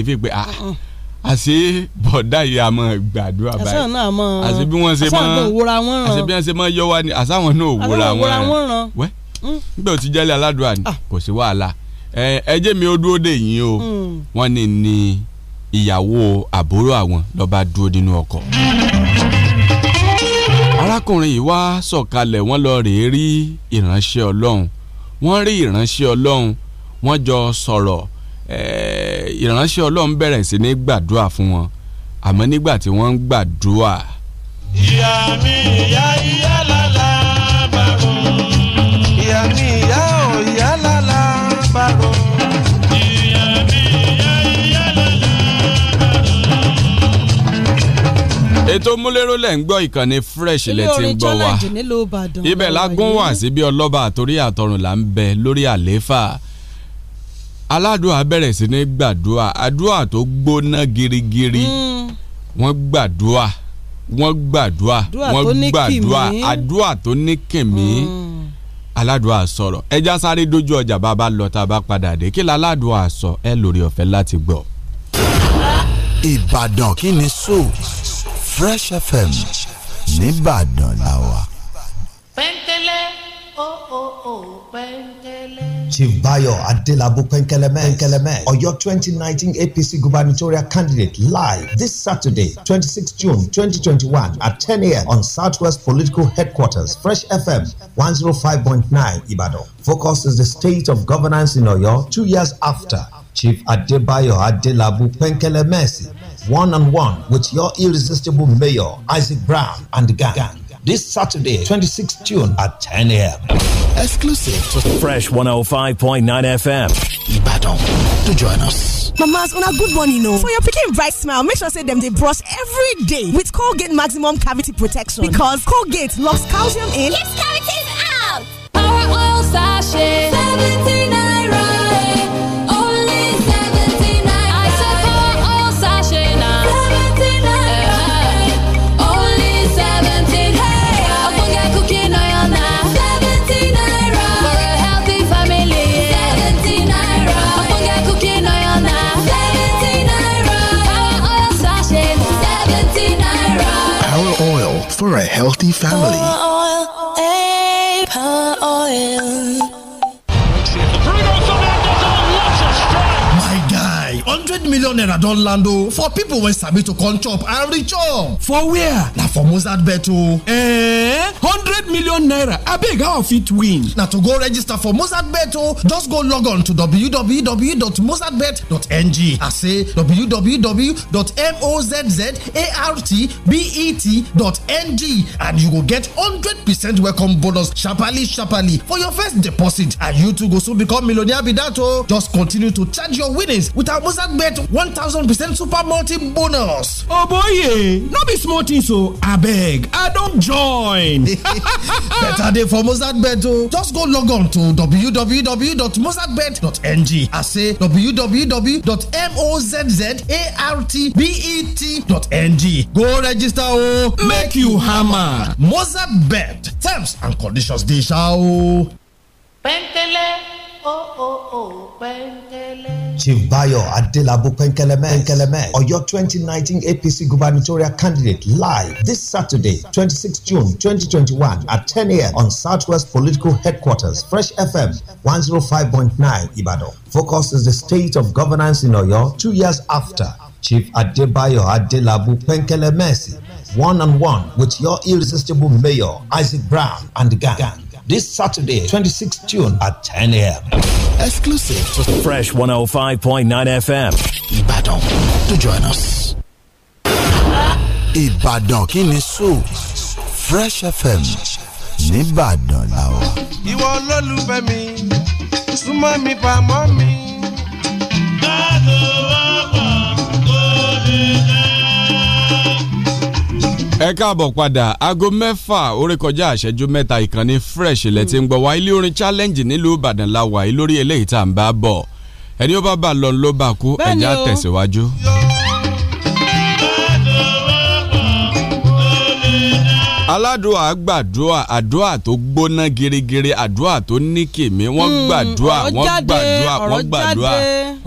ebi pé ah àṣé bọ̀dá yìí a mọ̀ gbàdúrà báyìí àṣà náà mọ̀ àṣé bí wọ́n ṣe mọ̀ àṣé bí wọ́n ṣe mọ̀ yọ wá ni àṣà wọn náà wòra wọn ràn wẹ́ nígbà mm. tí jẹ́lẹ̀ aládùúrà ni ah. kò sí wàhálà ẹjẹ́ mi ó dúró dè yín o mm. wọ́n ní ní ìyàwó àbúrò àwọn lọ́ba dúró nínú ọkọ̀ arákùnrin yìí wá sọ̀kalẹ̀ wọ́n lọ rèé rí ìránṣẹ́ ọlọ́run wọ́n rí ìránṣẹ́ ọlọ́run wọ́n jọ sọ̀rọ̀ Eh, ìránṣẹ́ ọlọ́run bẹ̀rẹ̀ sí ní gbàdúrà fún wọn àmọ́ nígbà tí wọ́n ń gbàdúrà. ìyá mi ìyá ìyá lálá bàrò. ìyá mi ìyá ò ìyá lálá bàrò. ìyá mi ìyá ìyá lálá bàrò. ètò múlẹ́rọ́ lẹ̀ ń gbọ́ ìkànnì fresh lẹ̀ ti ń gbọ́ wa ibẹ̀ lágún wà síbi ọlọ́ba àtòrí àtọrùn là ń bẹ lórí àlééfà aládùúrà bẹ̀rẹ̀ sí ní gbàdúrà àdúrà tó gbóná girigiri wọ́n hmm. gbàdúrà wọ́n gbàdúrà wọ́n gbàdúrà àdúrà tó ní kìmí hmm. aládùúrà sọ̀rọ̀ ẹja sáré dójú ọjà bàbá lọ tá a bá padà dé kí láládùúrà sọ ẹ lórí ọ̀fẹ́ láti gbọ́. ìbàdàn kí ni so fresh fm nìbàdàn làwà. pẹ́ńtẹ́lẹ́. Chief Bayo Adelabu Penkeleme your 2019 APC gubernatorial candidate live this Saturday, 26 June 2021 at 10 a.m. on Southwest Political Headquarters, Fresh FM 105.9 Ibadan. Focus is the state of governance in Oyo two years after Chief Adebayo Adelabu Penkelemesi one on one with your irresistible mayor Isaac Brown and the gang this Saturday, 26th June at 10 a.m. Exclusive to Fresh 105.9 FM. Ibadan. To join us. Mamas, on a good morning, no. Oh. For your picking bright smile, make sure say them they brush every day with Colgate Maximum Cavity Protection because Colgate locks calcium in. Keeps cavities out. Power oil sachet. healthy family. hundred million naira don land o for people wey sabi to come chop and reach up. for where? na for mozart bet o. Eh, hundred million naira abeg how i fit win? na to go register for mozart bet o just go log on to www.mozartbet.ng as say www.mozzartbet.ng and you go get hundred percent welcome bonus sharparly sharparly for your first deposit and you too go soon become millionaire be that o. just continue to charge your winnings with our mozart get one thousand percent super multi bonus. oh boy no be small thing so beg, i don't join. better dey for mozart bet o oh. just go log on to www.mozartbet.ng I say www.mozzartbet.ng go register Oh, make you hammer mozart bet terms and conditions dey sha o. Chief Bayo Adelabu Penkeleme your 2019 APC gubernatorial candidate live this Saturday, 26 June 2021 at 10 a.m. on Southwest Political Headquarters, Fresh FM 105.9 Ibadan. Focus is the state of governance in Oyo two years after Chief Adebayo Adelabu Penkeleme one on one with your irresistible mayor Isaac Brown and the gang this Saturday, 26th June at 10 a.m. Exclusive to Fresh 105.9 FM. Ibadan. To join us. Ibadan kini so Fresh FM nìbàdàn làwà. Ìwọ olólùfẹ́ mi, súnmọ́ me pa mommy. ẹ káàbọ̀ padà aago mẹ́fà ó rékọjá àṣẹjú mẹ́ta ìkànnì fresh ilẹ̀ tí ń gbọ́ wá ilé orin challenge nílùú ìbàdàn la wà yìí lórí eléyìí tá à ń bá bọ̀ ẹni ó bá bá lọ ló bá kú ẹ̀já tẹ̀síwájú. aládùá gbàdúà àdúà tó gbóná girigiri àdúà tó ní kèmí hmm, wọ́n gbàdúà wọ́n gbàdúà wọ́n gbàdúà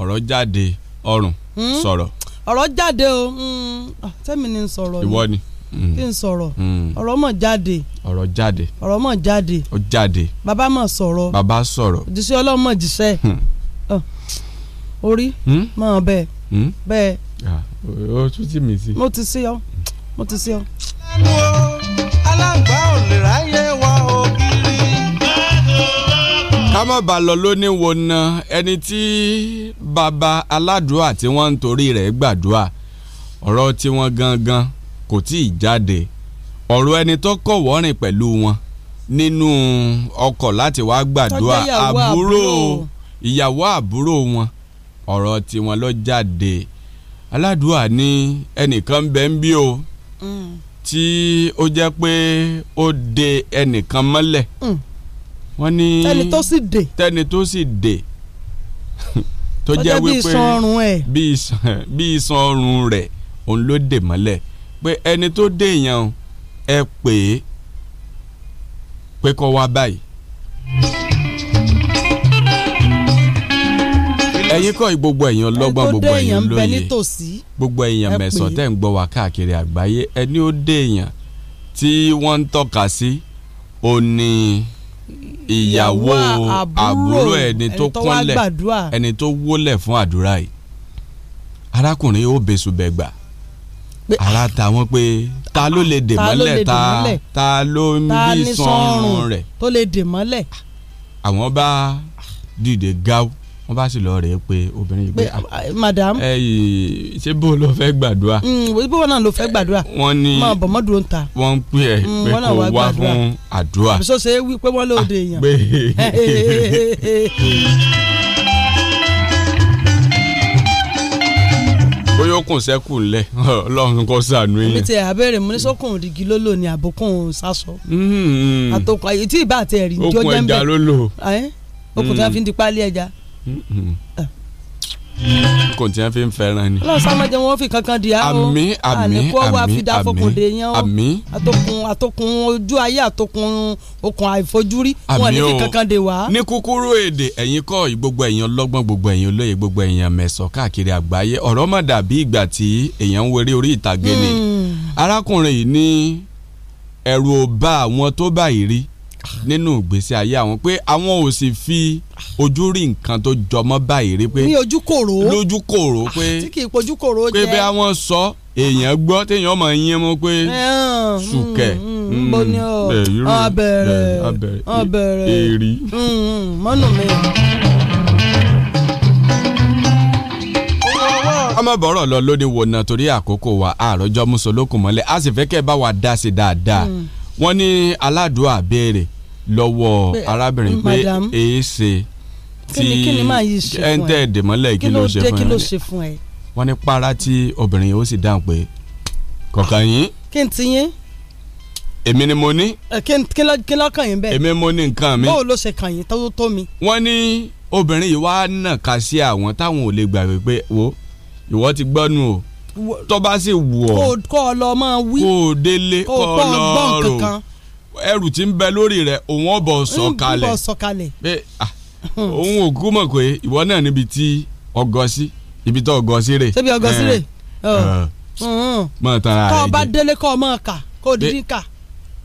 ọ̀rọ̀ jáde ọrùn hmm, sọ̀rọ̀. ọ̀rọ̀ jáde o hmm, ah, tẹ́mi ni sọ̀rọ̀ ni. ìwọ ni kí n sọ̀rọ̀ hmm. ọ̀rọ̀ mọ̀ jáde ọ̀rọ̀ jáde ọ̀rọ̀ mọ̀ jáde ó jáde bàbá mọ̀ sọ̀rọ̀ bàbá sọ̀rọ̀ òjíṣẹ́ ọlọ́mọ jíṣẹ́ hmm. orí hmm? mọ̀ bẹ́ẹ̀ bẹ́ẹ̀. o tún ti mì sí. mo ti sí ọ mo ti sí ọ. alágbá ò lè ráyè wá ògiri. ká má bàa lọ lóní wo na ẹni tí bàbá aládùúà tí wọ́n ń torí rẹ̀ gbàdúrà ọ̀rọ̀ tiwọn gangan kò tí ì jáde ọ̀rọ̀ ẹni tó kọ̀wọ́ rìn pẹ̀lú wọn nínú ọkọ̀ láti wá gbàdúrà àbúrò ìyàwó àbúrò wọn ọ̀rọ̀ tiwọn ló jáde aládùúà ní ẹnìkan ń bẹ ń bí o mm. tí ó jẹ́ pé ó de ẹnìkan mọ́lẹ̀ mm. wọ́n ní tẹni tó sì dè tó jẹ́ wípé bí iṣan ọrùn rẹ̀ òun ló dè mọ́lẹ̀ pé ẹni tó dé èèyàn ẹ pè é pé kó wá báyìí. ẹ̀yin kọ́ gbogbo èèyàn lọ́gbọ́n gbogbo èèyàn lóye gbogbo èèyàn mẹ̀sàn tẹ́ ń gbọ́ wá káàkiri àgbáyé ẹni ó dé èèyàn tí wọ́n ń tọ́ka sí ó ní ìyàwó àbúrò ẹni tó kúnlẹ̀ ẹni tó wólẹ̀ fún àdúrà yìí arákùnrin ó bẹ̀sùbẹ̀gbà ara ta wọn pé ta ló lè dè mọ́lẹ̀ ta ta ló ń bí sọrùn rẹ̀ tó lè dè mọ́lẹ̀. àwọn bá dìde gáw wọ́n bá sì lọ rèé pé obìnrin yìí pé ah, ah, madam ẹyìn ṣé bó ló fẹ́ gbàdúrà. Mm, bó wọn náà ló fẹ́ gbàdúrà. wọ́n ní máa bọ̀ mọ́dúró ń ta. wọ́n ń pè ẹ́ mm, pé kò wá fún àdúrà. àbísọ̀ ṣe é wí pé wọ́n lóde ah, èèyàn. bóyá okùn sẹ́kù ńlẹ̀ ọlọ́run kò sànú yẹn. èmi ti àbẹ̀rẹ̀ mo ní sọ́kùn òdìgí ló lò ní àbùkùn sásọ. Mm-hmm. àtọkùn àyè tí ì bá àtẹ̀rì ń jọ́jẹ́ ń bẹ̀ okùn ẹja ló lò. okùn tí wọ́n fi di pálí ẹja. Mm-hmm. Ah kò tí wọ́n fi ń fẹ́ràn ni. ọlọ́run sàmọ́jẹ wọn fi kankan di àrò àmì àmì àmì àmì àmì àtòkùn àtòkùn ojú ayé àtòkùn okùn àìfojúrí wọn ní ní kúkúrú èdè ẹ̀yin kọ́ gbogbo ẹ̀yin ọlọ́gbọ́n gbogbo ẹ̀yin olóye gbogbo ẹ̀yin mẹ̀sọ̀ káàkiri àgbáyé ọ̀rọ̀ má dàbí ìgbà tí èèyàn ń weré orí ìtàgé ni hmm. arákùnrin yìí ní ẹ̀rù ò bá àwọn tó báyìí rí nínú ìgbésí ayé àwọn pé àwọn ò sì fi ojú rí nǹkan tó jọmọ́ báyìí rí pé ní ojú kòrò lójú kòrò ah, pé tí kì í pojú kòrò jẹ pé bí àwọn sọ èèyàn gbọ́ téèyàn mọ̀ yín mọ́ pé sùkẹ́ abẹ́rẹ́ abẹ́rẹ́ èrí mm, mm, mọ́nù mi. ọmọbọ̀rọ̀ lọ lóní wo náà torí àkókò wa àròjọ mùsùlùkùn mọ́lẹ̀ a sì fẹ́ kẹ́ ẹ bá wa dá sí dáadáa mm. wọ́n ní aládùúgbò àbẹ̀rẹ̀ lọ́wọ́ mm, arábìnrin pé èyí ṣe tí ẹ̀ńtẹ̀ dèmọ́lẹ̀ kí ló ṣe fún ẹ wọ́n ní para tí obìnrin yìí ó sì dáhùn pé kọ̀ọ̀kan yín. kí n ti yín. èmi ni mo ní. kí ló kàn yín bẹ́ẹ̀. èmi mo ní nǹkan mi. báwo ló ṣe kàn yín tó tó mi. wọ́n ní obìnrin yìí wàá nàka sí àwọn táwọn ò lè gbàgbé pé wo ìwọ ti gbọ́nu o tó bá sì wù ọ́. kó o lọ máa wí. kó o délé kó o lọ rò ẹrù tí ń bẹ lórí rẹ̀ òun ọ̀bọ̀ sọ̀kalẹ̀ òun ò gúnmọ̀ pé ìwọ náà níbi tí ọgọ́ sí ibi tó ọgọ́ sí rè. ṣébi ọgọ́ sí rè mọ tara rẹ jẹ kọ́ ọba délé kọ́ ọmọ ọ̀ka kó dídí kà.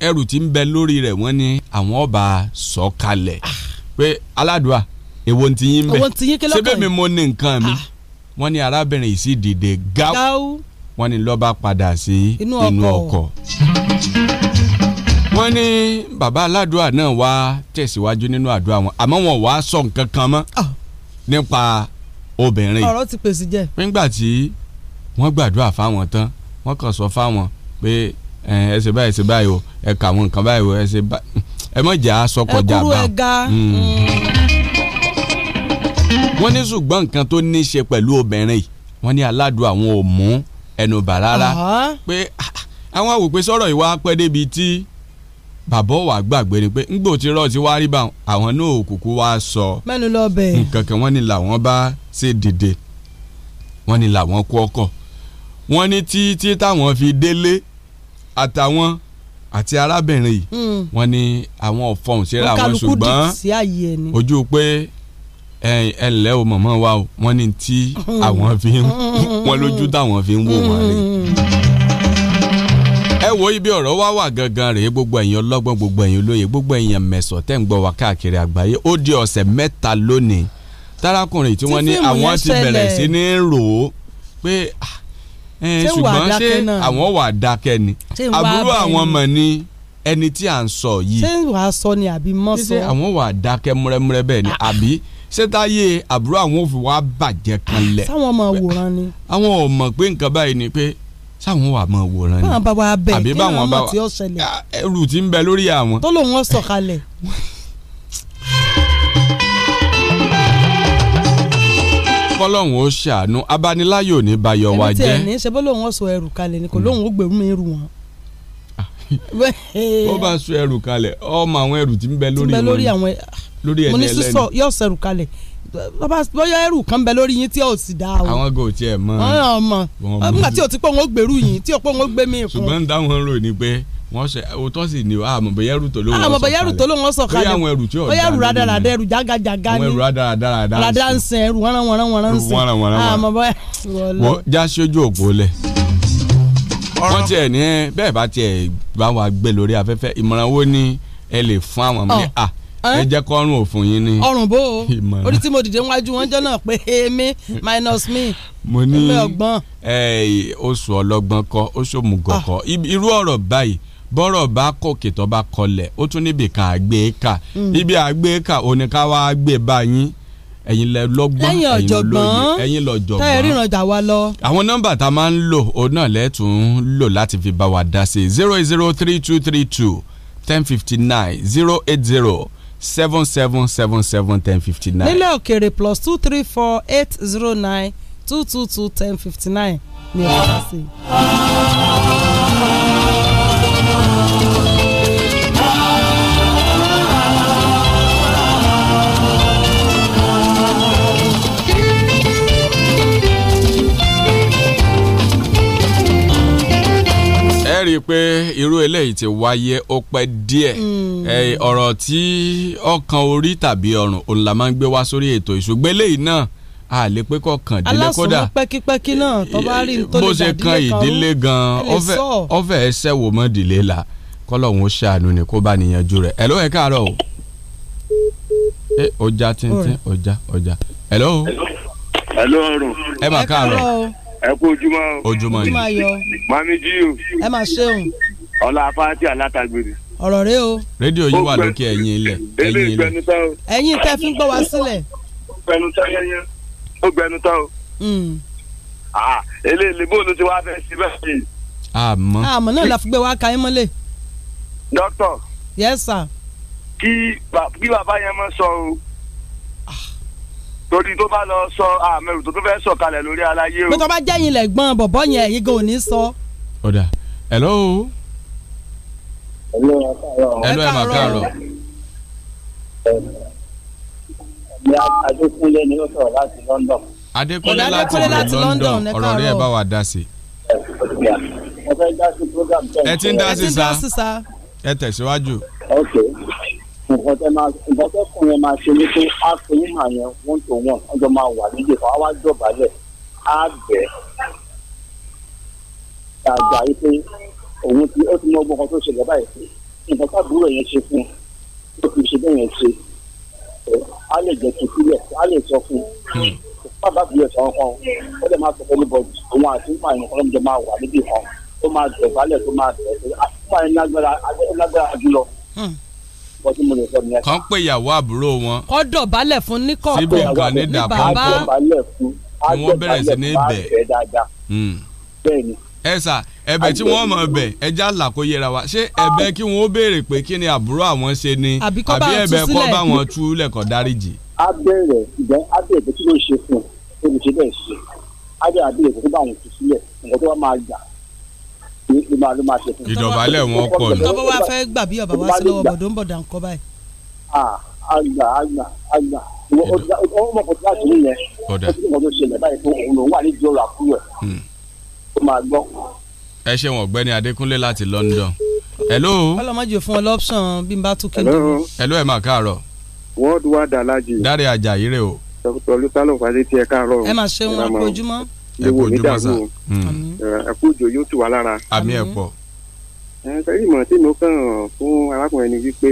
ẹrù tí ń bẹ lórí rẹ̀ wọ́n ní àwọn ọba sọ̀kalẹ̀ ah. pé aládùá èwo ti yín bẹ ṣébè mi mo ní nǹkan mi ah. wọ́n ní arábìnrin yìí sì dìde gáú wọ́n ní ló padà sí inú ọkọ̀ wọ́n ní bàbá aládùúà náà wá tẹ̀síwájú nínú àdúrà wọn àmọ́ wọn wá sọ nǹkan kan mọ́ ah. nípa obìnrin. ọ̀rọ̀ ti pèsè jẹ́. nígbà tí wọ́n gbàdúrà fáwọn tán wọ́n kàn sọ fáwọn pé ẹ ṣe báyìí ẹ ṣe báyìí o ẹ kà àwọn nǹkan báyìí o ẹ ṣe báyìí ẹ mọ̀ jà sọ kọjá bá. ẹ kúrú ẹ ga. Mm. wọ́n ní ṣùgbọ́n nǹkan tó ní í ṣe pẹ̀lú obìnrin wọ́n ní aládùúà wọn ò mú ẹnu bà rárá pé ah, ah, àwọn àwòpẹ́ ìwà pẹ́ débi tí bàbá ò wá gbàgbé ni pé ńgbò tí rọ́ọ̀ ti wá rí bá àwọn náà òkùnkùn wá sọ mẹ́nu lọ bẹ́ẹ̀ nǹkan kan wọ́n ní làwọn bá ṣe dìde wọ́n ní làwọn kú ọkọ̀ wọ́n ní títí táwọn fi délé àtàwọn àti arábìnrin yìí hmm. wọ́n ní àwọn ọ̀fọ̀hún síra wọn ṣùgbọ́n ojú pé ẹ o mọ̀mọ́ wa o wọ́n ní tí hmm. àwọn fi ń hmm. wọ́n lójú táwọn fi ń wò wọ́n rè ẹ wo ibi ọ̀rọ̀ wá wà gangan rèé gbogbo ẹ̀yin ọlọ́gbọ́n gbogbo ẹ̀yin olóye gbogbo ẹ̀yin mẹ̀sọ̀ tẹ́ ń gbọ́ wa káàkiri àgbáyé ó di ọ̀sẹ̀ mẹ́ta lónìí tarakùnrin tí wọ́n ní àwọn ti bẹ̀rẹ̀ sí ní rò ó pé ah, ṣùgbọ́n ṣé àwọn wà dákẹ́ ni àbúrò àwọn mọ̀ ni ẹni tí à ń sọ yìí ṣé wàá sọ ni àbí mọ́ sọ àwọn wà dákẹ́ múrẹ́múrẹ́ bẹ́ẹ̀ ni ah. àbí ṣétáyé àbúrò àwọn òfin wa bàjẹ́ kan lẹ̀. sáwọn ọmọ àwòrán ni. àwọn ò mọ̀ pé nǹkan báyìí ni pé sáwọn wà mọ wòran ni. báwọn bá wa bẹ kí àwọn ọmọ tí ó ṣẹlẹ̀. Ah, ẹrù tí ń bẹ lórí àwọn. tó lòun ó sọ̀kalẹ̀. kọ́lọ́hún ó ṣàánú abániláyò ní bayọ̀ wa jẹ́. ẹni tí ẹ̀ ní ṣe bó lòun ó sọ ẹrù kalẹ̀ ni kò lóun ó gbèrú mi rù wọn ó bá sọ ẹrù kalẹ̀ ọmọ àwọn ẹrù tí ń bẹ lórí wọn lórí ẹni ẹlẹ́ni mo ní sísọ yóò sẹrù kalẹ̀ bóyá ẹrù kan bẹ lórí yín tí ò sì dáa o. àwọn gò tiẹ̀ mọ́ ọ mọ́ nígbà tí o ti pọ̀ wọ́n gbèrú yín tí o pọ̀ wọ́n gbé mi fún. ṣùgbọ́n dáhùn rò ní pé wọ́n ṣe òótọ́ sì ni àmọ́ bẹ̀yẹ̀ ẹrù tó ló wọ́n sọ̀kalẹ̀ àmọ́ bẹ̀yẹ̀ ẹrù tó ló wọ́n sọ̀kalẹ̀ bóyá àwọn ẹrù tí ò dáa bóyá ẹrù rádaràdà ẹrù jágajàga ni àwọn ẹrù rádaràdà ràdà ń sẹ ẹrù wọ́nrán wọ́nrán wọ́nrán ń sẹ àmọ́ bóyá. wọ́n já sójú òpó lẹ̀ wọ́n tiẹ̀ ní bẹ́ẹ̀ bá tiẹ̀ bá wa gbé lórí afẹ́fẹ́ ìmọ̀ràn wo ni ẹ lè fún àwọn mi à ẹ jẹ́ kọ́rùn òfun yín ní. ọrùn bó o orí tí mo dìde wájú wọn jọ náà pé èmi minus me mo ní oṣù ọlọ́gbọ́n kọ́ oṣù òmùgọ̀ kọ́ ah. irú ọ̀rọ̀ báyìí bọ́rọ̀ bá kòkè tó bá kọlẹ̀ ó tún níbi ká gbé e ká hmm. ibi àgbé e ká òní ká wá gbé e báyìí ẹ̀yin lẹ lọ́gbọ́n ẹ̀yin ọ̀jọ̀gbọ́n ẹ̀yin lọ́jọ̀gbọ́n táyà ríran dà wá lọ. àwọn nọ́mbà tá a máa ń lò òun náà lẹ́tùn ún lò láti fi bá wa dá sí zero eight zero three two three two ten fifty nine zero eight zero seven seven seven seven ten fifty nine. nílẹ̀ òkèèrè plus two three four eight zero nine two two two ten fifty nine ni ẹ bá ṣe. rí i pé irú eléyìí ti wáyé ó pẹ́ díẹ̀ hmm. ọ̀rọ̀ tí ọkàn orí tàbí ọrùn òun la máa ń gbé wá sórí ètò ìṣùgbọ́n eléyìí náà a lè pé kọ́ kan ìdílé kódà alásùnmọ́ pẹ́kípẹ́kí náà tó bá rí nítorí bó ṣe kan ìdílé gan ọ̀fẹ́ ẹsẹ̀ wò mọ́ ìdílé la kọ́lọ́hún ó ṣàánú ni kó bá níyanjú rẹ̀ ẹ̀ ló ẹ̀ káàárọ̀ o ẹ ọjà tíntín ọjà ọjà ẹ̀ ló. ẹ̀ ló ọrùn. ẹ mà káàárọ̀ ẹ kú ojúmọ́ ojúmọ́ ni mami jí o ẹ máa ṣeun ọlá fáti alátagbèrè ọ̀rọ̀ rẹ o. rédíò yìí wà lókè ẹ̀yìn ilẹ̀ ẹ̀yìn ilẹ̀ ẹ̀yìn tẹ́ fi ń gbọ́ wá sílẹ̀. ó gbẹnu tán o. Hmm. eléyìí bó ló ti wá fẹ́ sí bẹ́ẹ̀ àmọ́ àmọ́ náà la wa ka yín mọ́lẹ̀. dókítà. yes sir. kí bàbá yẹn mọ sọ o torí tó bá lọ sọ àmẹrù tó tó fẹ́ sọ kalẹ̀ lórí aláyé o. bíkọ́ bá jẹ́ yín lẹ́gbọ́n bọ̀bọ́ yẹn ẹ̀yin gan ò sọ. ọ̀dà hello. hello ẹ̀ máa káàárọ̀. Adékúnlé láti London. Adékúnlé láti London ọ̀rọ̀ rẹ̀ bá wa dá sí. ẹ ti ń dá sí sa ẹ tẹ̀síwájú nǹkan tẹ máa ṣe ni pé á fi wúmà yẹn one to one ọjọ́ máa wà nídìí kan á wá jọ̀bálẹ̀ á bẹ̀ dàgbà yìí pé òun ti ó ti mọ gbogbo nǹkan tó ṣẹlẹ̀ báyìí pé nǹkan tábúrò yẹn ṣe fún un ó fi ṣe bẹ́ẹ̀ yẹn ṣe á lè jẹ́ kí á lè sọ fún un bàbá hmm. bí ẹ̀sán kan ó lè máa sọ fún ẹnibọ̀dì òun àti wúmà yẹn kan ló máa wà nídìí kan ó máa jọ̀bálẹ̀ tó máa bẹ̀ kọ́ tí mo lè sọ nìyẹn. kàn pé ìyàwó àbúrò wọn. kọ́ dọ̀bálẹ̀ fún ní kọ̀ọ̀kan síbi nǹkan ní dàbọ̀ bá ni wọ́n bẹ̀rẹ̀ sí ní bẹ̀. Hmm. ẹ sà ẹ̀bẹ̀ tí wọ́n mọ̀ bẹ̀ ẹja là kó yẹra wa ṣé ẹ̀bẹ̀ ah. kí wọ́n béèrè pé kí ni àbúrò àwọn ṣe ni àbí ẹ̀bẹ̀ kọ́ bá wọn tú lẹ̀kọ̀ dáríjì. a bẹ̀rẹ̀ ìgbẹ́ a bẹ̀rẹ̀ kí ló ṣe fún un olùṣèlú ẹ̀ ṣe a bẹ̀rẹ̀ àbí ẹ̀kọ́ bá wọn tú sílẹ̀ ló máa ló máa ṣe fún un. ìdọ̀bálẹ̀ wọn pọ̀ nù. tọ́bọ̀ wá fẹ́ gbà bí ọ̀bà wá sí lọ́wọ́ bọ̀dọ̀ ń bọ̀dà ń kọ́ báyìí. àgbà àgbà àgbà ọmọ kò tí a tún yẹ ó ti mọ̀ tó ṣẹlẹ̀ báyìí fún òun òun wà ní ìjọra kúrò ẹ̀ hmm. ó máa gbọ́. ẹ ṣe wọn ọ̀gbẹ́ni Adékúnlé láti London. hello. ọlọmọdé fún ọ lọ́pṣọ̀n bí n bá tún kéde. hello ẹ máa káàárọ̀. wọ́ọ̀dù wa dàlájì. dáre àjà yìí rè o. dr olùtálọ̀ fàdé tiẹ̀ káàárọ̀. ẹ máa ṣe wọn ojoojúmọ́ léwu onídàgbò ẹkú òjò yóò tù wá lára. àmì ẹ̀ pọ̀. sẹ́yìn ìmọ̀ tí mo kàn fún arákùnrin ni wípé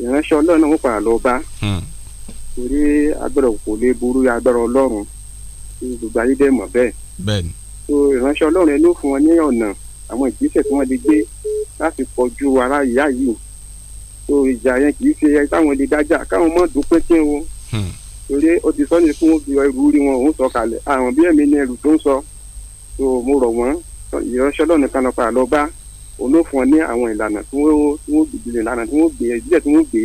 ìránṣẹ́ ọlọ́run náà ń padà lọ bá hmm. torí agbọ́dọ̀ kò lè burú agbọ́dọ̀ ọlọ́run gbogbo ayé dẹ̀ mọ̀ bẹ́ẹ̀. bẹ́ẹ̀ni. so ìránṣẹ́ ọlọ́run ẹni ó fún wọn ní ọ̀nà àwọn ìgbésẹ̀ tí wọ́n lè gbé láti pọ̀jù ara ìyá yìí so ìjà yẹn kì í ṣe táwọn lè dájà káwọn mọ̀ dúpẹ́ kí wọn torí ó ti sọ́ni fún òbí ẹrù rí wọn òun sọ kalẹ̀ àwọn bí ẹ̀mí ni ẹrù tó ń sọ tó mo rọ̀ wọ́n ìránṣẹ́ lọ́nà kan lọ́pàá lọ bá òun ló fún ọ ní àwọn ìlànà tí wọ́n gbé ìlànà tí wọ́n gbé ìdílé tí wọ́n gbé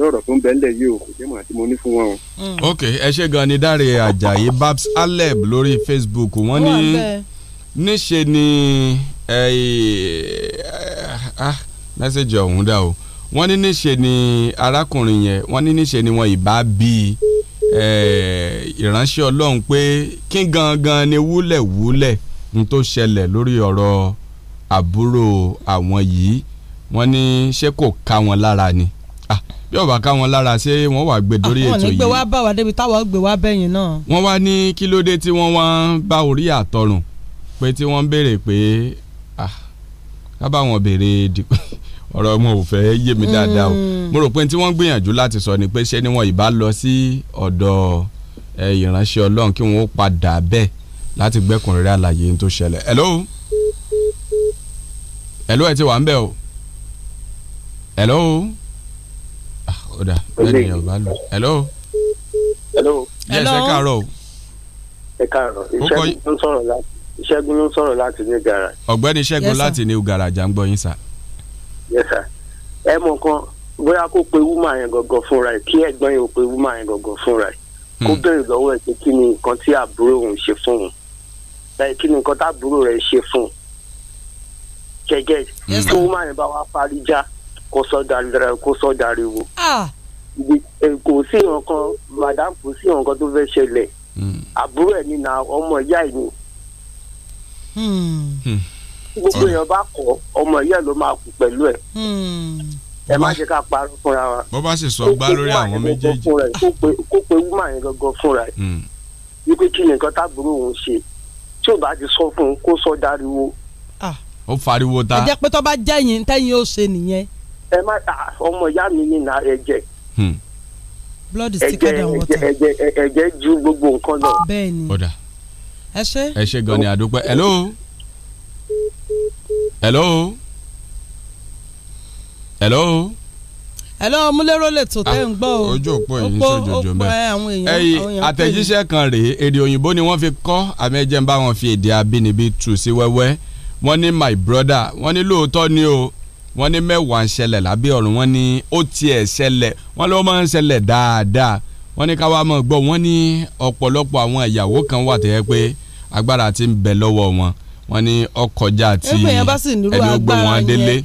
lọ́rọ̀ tó ń bẹ ńlẹ̀ yìí o kò dé mọ̀ àti mo ní fún wọn o. Mm. ok ẹ ṣe gan ni dáre ajayi babs aleb lórí facebook wọ́n ní níṣe ni ah, mẹ́sẹ̀gì ọ̀hún dá o wọ́n ní níṣe ni arákùnrin yẹn wọ́n ní níṣe ni wọ́n ìbá bíi Eh, ìránṣẹ́ ọlọ́run pé kí gangan ni wúlẹ̀wúlẹ̀ n tó ṣẹlẹ̀ lórí ọ̀rọ̀ àbúrò àwọn yìí wọ́n ní ṣé kò ká wọn lára ni ah, bí ó ká wọn lára ṣé wọ́n wà gbé dórí ah, ètò yìí. àwọn ò ní gbé wá bá wa débi táwọn gbé wá bẹ́yìn náà. wọ́n wá ní kí ló dé tí wọ́n wá ń bá orí àtọrùn pé tí wọ́n ń béèrè pé ah, ká bá wọn béèrè dìpẹ́ ọ̀rọ̀ wọn ò fẹ́ yé mi dáadáa o mm. mo rò pé tí wọ́n gbìyànjú láti sọ ni pé ṣé ni wọn ìbá lọ sí ọ̀dọ̀ ìránṣẹ́ ọlọ́run kí wọ́n ó padà bẹ́ẹ̀ láti gbẹ́kùnrẹ́rẹ́ àlàyé tó ṣẹlẹ̀ hello hello ẹ ti wà ń bẹ̀ o hello ọ̀dà ah, bẹ́ẹ̀ ni ọ̀bá lò hello. hello. yes ẹ káàárọ̀ o. ẹ káàárọ̀ ìṣẹ́gun ló ń sọ̀rọ̀ láti ìṣẹ́gun ló ń sọ̀rọ̀ láti new garage. ọ̀gbẹ́ni ìṣẹ́gun láti new garage à ń gbọ́ yín sà. yes sir ẹ mọ bóyá kó pe woman yẹn gangan fúnra ẹ̀ kí yẹn pe woman yẹn gangan fúnra ẹ̀ kó hmm. bẹ̀rẹ̀ lọ́wọ́ ẹ̀ pé kí ni nǹkan tí àbúrò òun ṣe fún un ẹ̀ kí ni nǹkan tábúrò rẹ̀ ṣe fún un kẹ̀kẹ́ tí woman yẹn bá wá parí já kó sọ dáríra kó sọ dáríwo ah. kò sí nǹkan madam kò sí nǹkan tó fẹ́ ṣẹlẹ̀ hmm. àbúrò ẹ̀ ọmọ ìyá ẹ̀ ni. Hmm. gbogbo èèyàn bá kọ ọmọ ìyá ló máa kú pẹ̀lú ẹ̀ ẹ má ṣe ká parọ́ fúnra wa. bó bá sì sọ gbá lórí àwọn méjèèjì. kó pe wúmà yẹn gangan fúnra ẹ̀ hmm. wípé kí ni nǹkan òun ṣe tí ò bá ti sọ fún un kó sọ dáriwo. Ah. ó fariwo ta. ẹ jẹ́ pé tó bá jẹ́ yín tẹ́yìn ó ṣe nìyẹn. ẹ má ọmọ ìyá mi ní ìnà ẹ̀jẹ̀ hmm. blood is thicker than water. ẹ̀jẹ̀ ju gbogbo nǹkan lọ. bẹ́ẹ̀ni ẹ ṣe. ẹ ṣe gan ni àdúpẹ́ hello hello hello. hello múlẹ́rọ́ lè tó tẹ́ ń gbọ́ o ah, ojú òpó ẹ̀yìn sójoojú mẹ́ ẹ̀yìn àtẹ̀jíṣẹ́ kan rèé èdè òyìnbó ni wọ́n fi kọ́ àmì ẹ̀jẹ̀ ń bá wọn fi èdè abínibí tù sí wẹ́wẹ́ wọ́n ní my brother wọ́n ní lóòótọ́ ni o wọ́n ní mẹ́wàá ń ṣẹlẹ̀ lábẹ́ ọ̀run wọ́n ní ó tiẹ̀ ṣẹlẹ̀ wọ́n ló máa ń ṣẹlẹ̀ dáadáa wọ́n ní káwá mọ̀ gbọ́ wọ́n ní ọ̀pọ̀lọpọ̀ àwọn ìyàwó kan wà tẹ́ pé agbára ti ń bẹ lọ́wọ́ wọn wọ́n ní ọkọjá ti ẹni ó wọn délé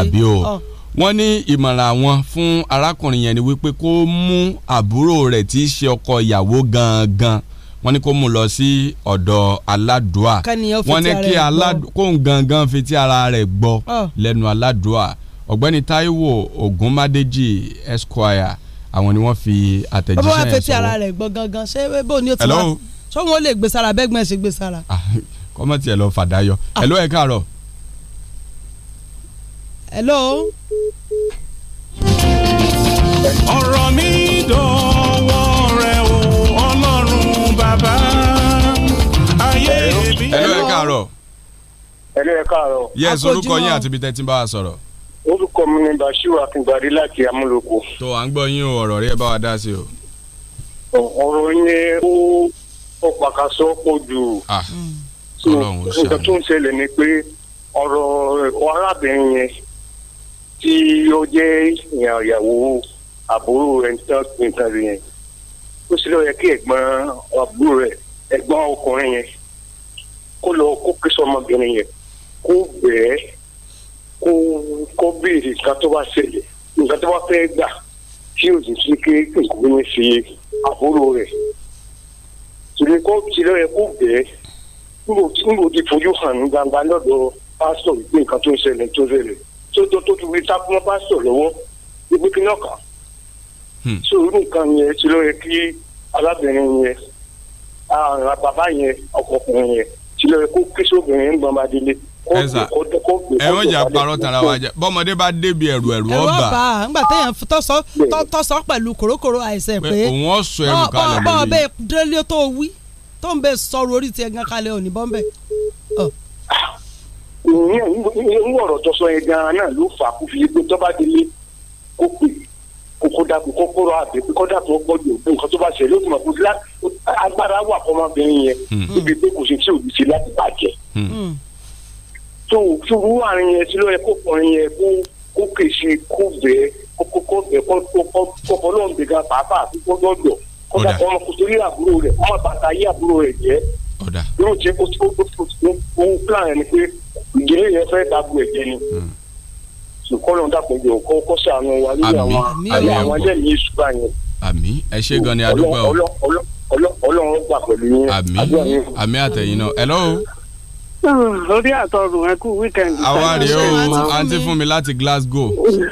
àbí o wọ́n ní ìmọ̀ràn àwọn fún arákùnrin yẹn ni wípé kó mú àbúrò rẹ̀ tí í ṣe ọkọ ìyàwó gangan wọ́n ní kó mú lọ sí ọ̀dọ̀ aládùá wọ́n ní kí kóun gangan fi ti ara rẹ̀ gbọ́ lẹ́nu aládùá ọ̀gbẹ́ni Táíwò Ògúnmádéjì Esquire àwọn ni wọ́n fi àtẹ̀jíṣẹ́ yẹn sọ. bó wàá fi ti ara rẹ̀ gbọ́ gangan ṣé bó ni ó ti wá sọ lè gbé bẹ́gbẹ́ ṣe gbé ah, kọ́mọ tiẹ̀ lọ fàdáyọ hello ẹ káàárọ̀. hello. ọ̀rọ̀ mi dọ̀wọ́ rẹ̀ o ọlọ́run bàbá ayé mi. hello ẹ káàárọ̀. hello ẹ káàárọ̀. yes orúkọ yín àti ibi tẹ́ bá wa sọ̀rọ̀ orúkọ mi ni Bashiru Akíngbadé láti amúlòkó. tó à ń gbọ́ yín o ọ̀rọ̀ rẹ bá wa dá sí o. ọ̀rọ̀ yẹn ó ó pàkàṣọ pọ̀ jù nǹkan tó ń ṣẹlẹ̀ ni pé ọ̀rọ̀ arábìnrin yẹn tí ó jẹ́ ìyàn ìyàwó àbúrò ẹni tán nǹkan rẹ̀ yẹn ó sì lọ yẹ kí ẹ̀gbọ́n àbúrò rẹ̀ ẹ̀gbọ́n ọkùnrin yẹn kó lọ kó kí sọmọbìnrin yẹn kó bẹ̀ẹ́ kó kó béèrè nǹkan tó bá ṣẹlẹ̀ nǹkan tó bá fẹ́ gbà kí òjijì kí nǹkan tó ń ṣe àbúrò rẹ̀ ìrè kóòtù ló yẹ kó e bẹ́ẹ̀ níbo ti fojú hàn ní gbangba lọ́dọ̀ pásítọ̀ wípé nǹkan tó ń ṣẹlẹ̀ tó ṣẹlẹ̀ tó tó tó ti wí sápọn pásítọ̀ lọ́wọ́ wípé kí náà kà so hmm. irú nǹkan yẹn ti ló yẹ kí arábìnrin yẹn bàbá yẹn ọkọkùnrin yẹn ti ló yẹ kó kí sóbìnrin ń ẹsà ẹ ó jà parọ́ tara wa jẹ bọ́mọdé bá débi ẹ̀rù ẹ̀rù ọba. ẹ̀rù ọba ńgbà téèyàn tọ́sọ pẹ̀lú kòrókòró àìsàn pé òun ọ̀ sọ ẹ̀rù kalẹ̀ lórí. bọ́ọ̀ bẹ́ẹ̀ délé tó wí tó ń bẹ sọ̀rọ̀ orí tiẹ̀ gan kalẹ̀ òní bọ́m̀bẹ̀. ìyẹn ń ọ̀rọ̀ tó sọ yẹn gan-an náà ló fà á kó fi yé pé tó bá délé kó pè kó kó dàpọ̀ kó kó rọ àbẹ̀ kó dàpọ̀ gbọ́dọ̀ ògbó nǹkan tó bá ṣẹlẹ̀ ó ti mọ̀ agbára wà fọmọbìnrin yẹn hmm. níbi pé kò ṣe tí òbí ṣe láti bàjẹ́. Hmm tó ṣubú àárín yẹn sí ló yẹ kó kọrin yẹn kó kó kèsì kó bẹ kó kó kó bẹ kó kó kó kó lọ́n bẹ ga pàápàá kó kó dọ̀dọ̀ kó dà kó ọmọ kò torí àbúrò rẹ̀ kó má bàtà yé àbúrò rẹ̀ jẹ́ yóò jẹ́ kó tó tó tó ohun plan yẹn ni pé ìdílé yẹn fẹ́ dàbò ẹ̀jẹ̀ ni ṣùkọ́lọ́ hmm. dàpọ̀jọ kó kó sànù wa lórí àwọn àwọn ẹlẹ́mìí ìṣúgbà yẹn. àmín ẹ ṣé gan ni adúgbò lórí àtọrùn ẹ kú wíkẹ́ndì. àwa rèé o àǹtí fún mi láti Glasgow.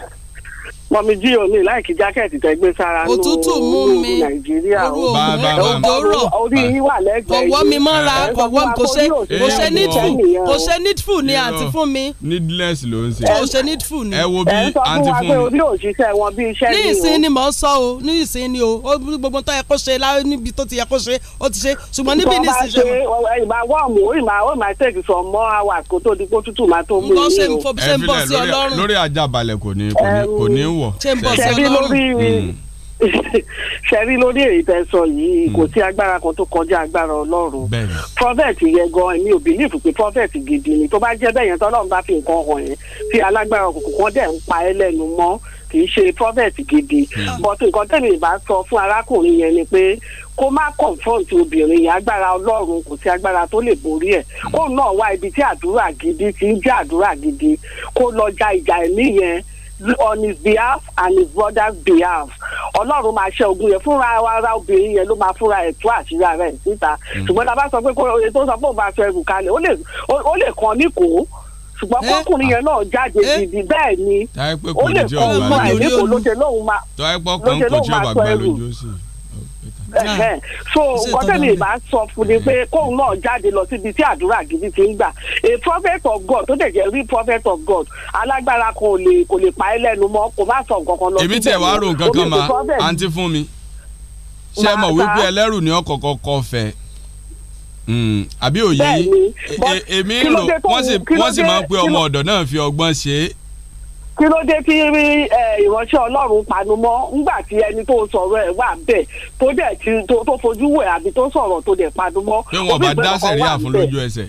mọ̀mí jí omi láìkí jákẹ́ẹ̀tì tẹ́ gbé sára ní òtútù mú mi nàìjíríà òjò rọ̀ orí yín wà lẹ́gbẹ̀ẹ́ yìí kò wọ́ mi mọ́ra kò wọ́ kò ṣe kò ṣe needful kò ṣe needful ni àǹtí fún mi needless ló ń ṣe kò ṣe needful ni. ẹ wo bí àǹtí fún mi. orí òṣìṣẹ́ wọn bí iṣẹ́ ni o. ní ìsín ni mò ń sọ o ní ìsín ni o gbogbo tó yẹ kó ṣe níbi tó ti yẹ kó ṣe ó ti ṣe ṣùgbọ́n níbi ní ìsìn ṣe. ìgbà wọ́ọ̀mù ìgbà ó máa take some more hours kó tó di kó tútù máa tó mú un ní o. nǹkan ṣe ń fọ ṣe ń bọ̀ wọ̀. ṣé ń bọ́ sí ọlọ́run ṣẹ́rí hmm. èyí tẹ́ sọ yìí hmm. kò sí agbára kan tó kọjá agbára ọlọ́run prophet yẹn gan èmi ò bìlífù pé prophet gidi ni tó bá jẹ́ bẹ́ẹ̀ yẹn tọ́lọ́run bá fi nǹkan hàn yẹn tí alágbára òkùnkùn kan dẹ̀ ń pa ẹ́ lẹ́nu mọ́ kì í ṣe prophet gidi hmm. but nǹkan tẹ̀lé ìbá sọ fún arákùnrin yẹn ni pé kó má confront obìnrin yẹn agbára ọlọ́run kò sí agbára tó lè borí ẹ̀ kó náà wá ibi tí àdúrà gidi ti ń jẹ́ àdúrà gidi kó lọ ja ìjà ẹ̀mí yẹn on his behalf and his brother's behalf ọlọ́run máa ṣe ogun yẹn fúnra ara obìnrin yẹn ló máa fúnra ẹ̀ tú àṣírí ara ẹ̀ síta mm. ṣùgbọ́n tá a bá sọ pé oye tó sọ pé òun bá fẹ́ rù kalẹ̀ ó lè kàn ní kó ṣùgbọ́n eh, kọkùnrin yẹn náà jáde eh, gidi bẹ́ẹ̀ ni ó lè kàn ní kó lóṣèlú òun máa sọ ẹrù so nǹkan tẹ̀mí ìbá sọ fún ni pé kóun náà jáde lọ síbi tí àdúrà gidi ti ń gbà a prophet of God tó dẹ̀ jẹ́ real prophet of God alágbára kan ò lè kò lè pa ẹ́ lẹ́nu mọ́ kò má sọ nǹkan kan lọ síbẹ̀ èmi tẹ̀ wá rò nǹkan kan mà àǹtí fún mi ṣé ẹ mọ̀ wípé ẹlẹ́rù ni ọkọ̀ọ̀kọ̀ kọ fẹ́ hmm, àbí òye e, e, èmi rò wọ́n sì máa ń pe ọmọ ọ̀dọ̀ náà fi ọgbọ́n ṣe é kí ló dé tí eh, ìránṣẹ́ ọlọ́run panu mọ́ ńgbà tí ẹni tó sọ̀rọ̀ ẹ̀ wà bẹ́ẹ̀ tó dẹ̀ ti tó fojú wẹ̀ àbí tó sọ̀rọ̀ tó dẹ̀ panu mọ́. pé wọn bá dá sẹ̀ríà fún lójú ẹsẹ̀.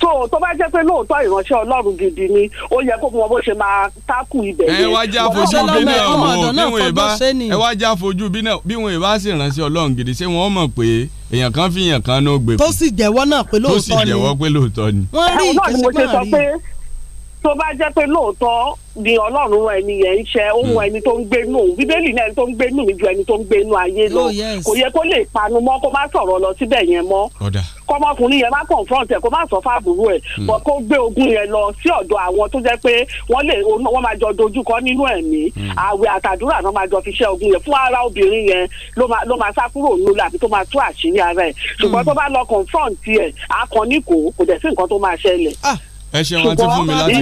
so tó bá jẹ́ pé lóòótọ́ ìránṣẹ́ ọlọ́run gidi ni ó yẹ kó mọ bó ṣe máa tákù ibẹ̀ yẹn. ẹ wá já fojú bí náà wò bí wọn ìbá ẹ wá já fojú bí wọn ìbá sì ránṣẹ́ ọlọ́run gidi ṣé wọ́n mọ̀ pé èèyàn kan fi èèyàn kan náà gbé. tó sì jẹ́wọ́ náà pé lóòótọ́ ni. tó sì jẹ́wọ́ pé lóòótọ́ ni. wọ́n rí ìkẹsẹ̀ máa rí tó bá jẹ́ pé lóòótọ́ ni ọlọ́run ẹni yẹn ń ṣe ohun hmm. ẹni tó ń gbénú bíbélì náà ẹni tó ń gbénú mi ju ẹni tó ń gbénú ayé lọ oh, kò yẹ kó lè panu mọ́ kó má sọ̀rọ̀ lọ síbẹ̀ yẹn mọ́ kọ́mọkùnrin yẹn má confront ẹ̀ kó má sọ fáàbùrù ẹ̀ hmm. bọ̀ kó gbé ogun yẹn lọ sí ọ̀dọ̀ àwọn tó jẹ́ pé wọ́n lè wọ́n máa jọ dojúkọ nínú ẹ̀mí hmm. àwẹ̀ àtàdúrà náà máa jọ fi ṣẹ́ ogun yẹn fún ara obìnrin yẹn ló máa sá kúrò nínú àbí tó máa tú àṣírí ara ẹ̀ ṣùgbọ́n tó bá lọ confront ẹ̀ akọni kò kò dẹ̀ sí nǹkan tó máa ṣẹlẹ̀. Ah ẹ ṣe wọn ti fún mi láti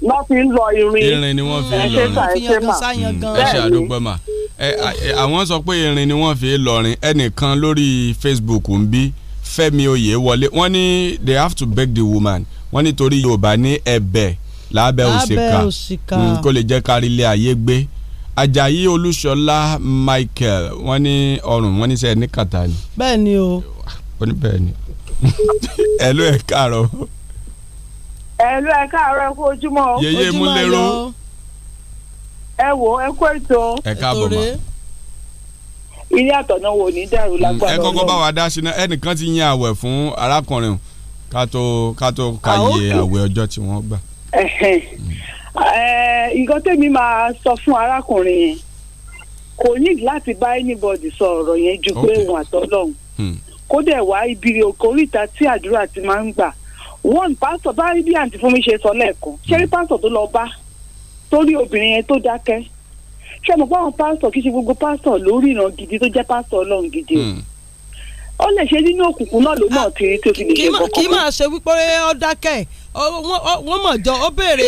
glasgow irin náà fi ń lọ irin irin ni wọ́n fi ń lọrin ẹ ṣe àdúgbò mà àwọn sọ pé irin ni wọ́n fi ń lọrin ẹnìkan lórí facebook ń bí fẹ́mi oyè wọlé wọ́n ní they have to beg the woman wọ́n nítorí yorùbá ní ẹ̀bẹ̀ lábẹ́ òṣìkà hmm, kó lè jẹ́ kárí ilé ayé gbé ajayi olúṣọlá michael wọ́n ní ọrùn wọ́n ní sẹ ní kàtà ni. bẹ́ẹ̀ o. ó ní bẹ́ẹ̀ ẹ ló ẹ káàárọ̀ ẹ̀lú ẹ káàárọ̀ ẹ kú ojúmọ́ o. yeye mú lérò. ẹ wo ẹ kú ètò. ẹ káàbọ̀ ma. ilé àtọ̀nà wo ní dàrú mm, lágbára ọlọ́run. ẹ kọ́kọ́ bá wa dá sí náà ẹnìkan ti yan àwẹ̀ fún arákùnrin ká tó ká tó ka iye àwẹ̀ ọjọ́ tí wọ́n gbà. Mm. nǹkan tèmi máa sọ fún arákùnrin yẹn kò ní láti bá anybody sọ ọ̀rọ̀ yẹn ju pé òun àtọ́lọ́hún hmm. kó wá ibi oríta tí àdúrà ti máa ń gbà. Okay one pásítọ̀ bá rí bí àǹtí fún mi ṣe sọ lẹ́ẹ̀kan ṣé rí pásítọ̀ tó lọ bá torí obìnrin yẹn tó dákẹ́ ṣé mo bá àwọn pásítọ̀ kì í ṣe gbogbo pásítọ̀ lórí ìran gidi tó jẹ́ pásítọ̀ ọlọ́run gidi hmm. ó lè ṣe nínú òkùnkùn náà ló mọ̀ tí tó fi lè ṣe kọ́kọ́. kì í máa ṣe wípé ó dákẹ́ wọ́n mọ̀ jọ ó béèrè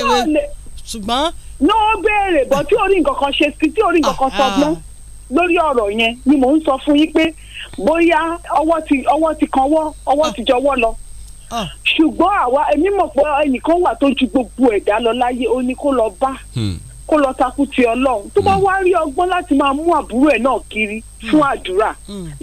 ṣùgbọ́n. ní ó béèrè bọ́ tí orí nǹkan kan ṣe sí tí orí nǹkan kan ah, ah. sọgbọ́n lórí ọ̀rọ̀ yẹn ni mò ń sọ fún yín pé bóyá ọwọ́ ti ọwọ́ ti kanwọ́ ọwọ́ ti jọwọ́ lọ Ah. ṣùgbọ́n àwa èmi mọ̀ pé ẹnìkan wà tó ju gbogbo ẹ̀dá lọ láyé ó ní kó lọ bá hmm. kó lọ takú ti ọlọ́run tó bá hmm. wá rí ọgbọ́n láti máa mú àbúrò ẹ̀ náà kiri hmm. fún àdúrà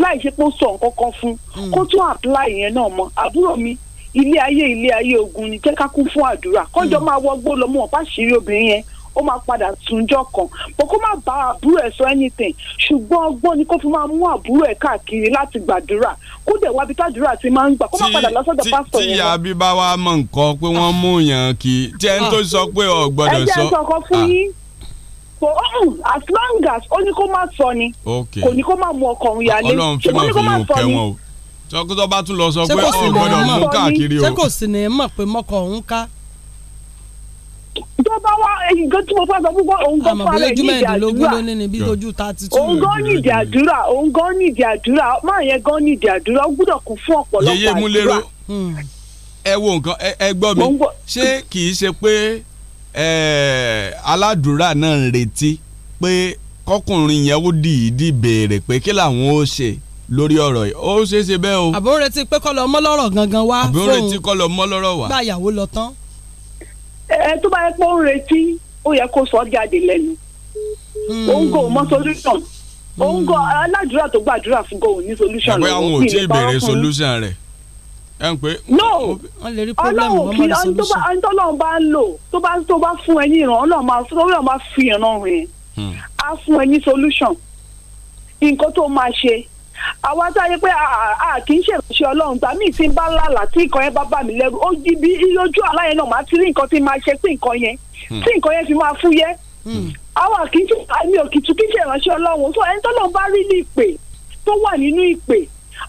láì ṣe pé ó sọ nǹkan kan fún kó tún àpláì yẹn náà mọ́ àbúrò mi ilé ayé ilé ayé ogun ni jẹ́ ká kú fún àdúrà kọ́jọ́ máa wọgbó lọ mọ̀ bá obìnrin yẹn ó máa padà túnjọ́ kan bọ́ kó má bá àbúrò ẹ̀ sọ anything ṣùgbọ́n ọgbọ́n ni kó fi máa mú àbúrò ẹ̀ káàkiri láti gbàdúrà kó dẹ̀ wá bí tàdúrà ti máa ń gbà kó má padà lọ sọ́dọ̀ pásítọ̀ yẹn. tí ìyá bí bá wa mọ̀ nǹkan pé wọ́n mú yàn kí tí ẹni tó sọ pé ọ̀ gbọ́dọ̀ sọ. ẹ jẹ́ nǹkan fún ah. yín kò ọ̀hún oh, as long as ó ní kó má sọ ni kò ní kó má mú ọkọ̀ yálé ṣùgbọ́n ní bá tún lọ sọ pé ọ̀hún gbọ́dọ̀ mú káàkiri o. ṣé kò sì ní mọ̀ pé mọ́kọ̀ òun ká. tó bá wá nǹkan tí mo fẹ́ sọ púpọ̀ òun gan fún alẹ́ nídìí àdúrà òun gan nídìí àdúrà òun gan nídìí àdúrà máa yẹn gan nídìí àdúrà ó gbúdọ̀ kún fún ọ̀pọ̀lọpọ̀ àdúrà. Hmm. ẹ wo nǹkan ẹ gbọ́ mi ṣé kì í ṣe pé aládùúrà náà ń retí pé kọkùnrin yẹn ó dìídì béèrè pé kí làwọn ó ṣe lórí ọ̀rọ̀ yìí ó ṣeé ṣe bẹ́ẹ̀ o. àbúrò retí pé kọ́ lọ mọ́ lọ́rọ̀ gangan wá fóun àbúrò retí kọ́ lọ mọ́ lọ́rọ̀ wá. bá ìyàwó lọ tán. ẹ tó bá yẹ pé ó ń retí ó yẹ kó sọ jáde lẹ́nu òun kò mọ solution òun kò hmm. aládùúrà tó gbàdúrà fún kò ní solution lọ́wọ́ àwọn ò tí ì solution rẹ̀ ẹ ń pè. no ọlọ́run kì í ọlọ́run bá ń lò tó bá tó bá fún ẹ ní ìran ọlọ́run máa fún ọlọ́run máa fi ìran rìn á hmm. fún ẹ solution nǹkan tó máa ṣe àwa tá a pé a kì í ṣèrànṣẹ́ ọlọ́run gbà mí tí ń bá lálà tí nǹkan yẹn bá bà mí lẹ́rù ó jí bí lójú àlá náà máa ti rí nǹkan tí máa ṣe pé nǹkan yẹn Hmm. tí nǹkan yẹn fi máa fúyẹ́ àwọn àkìtù àmì òkìtù kí ṣe ìránṣẹ́ ọlọ́run tó ẹni tọ́lọ́run bá rí ní ìpè tó wà nínú ìpè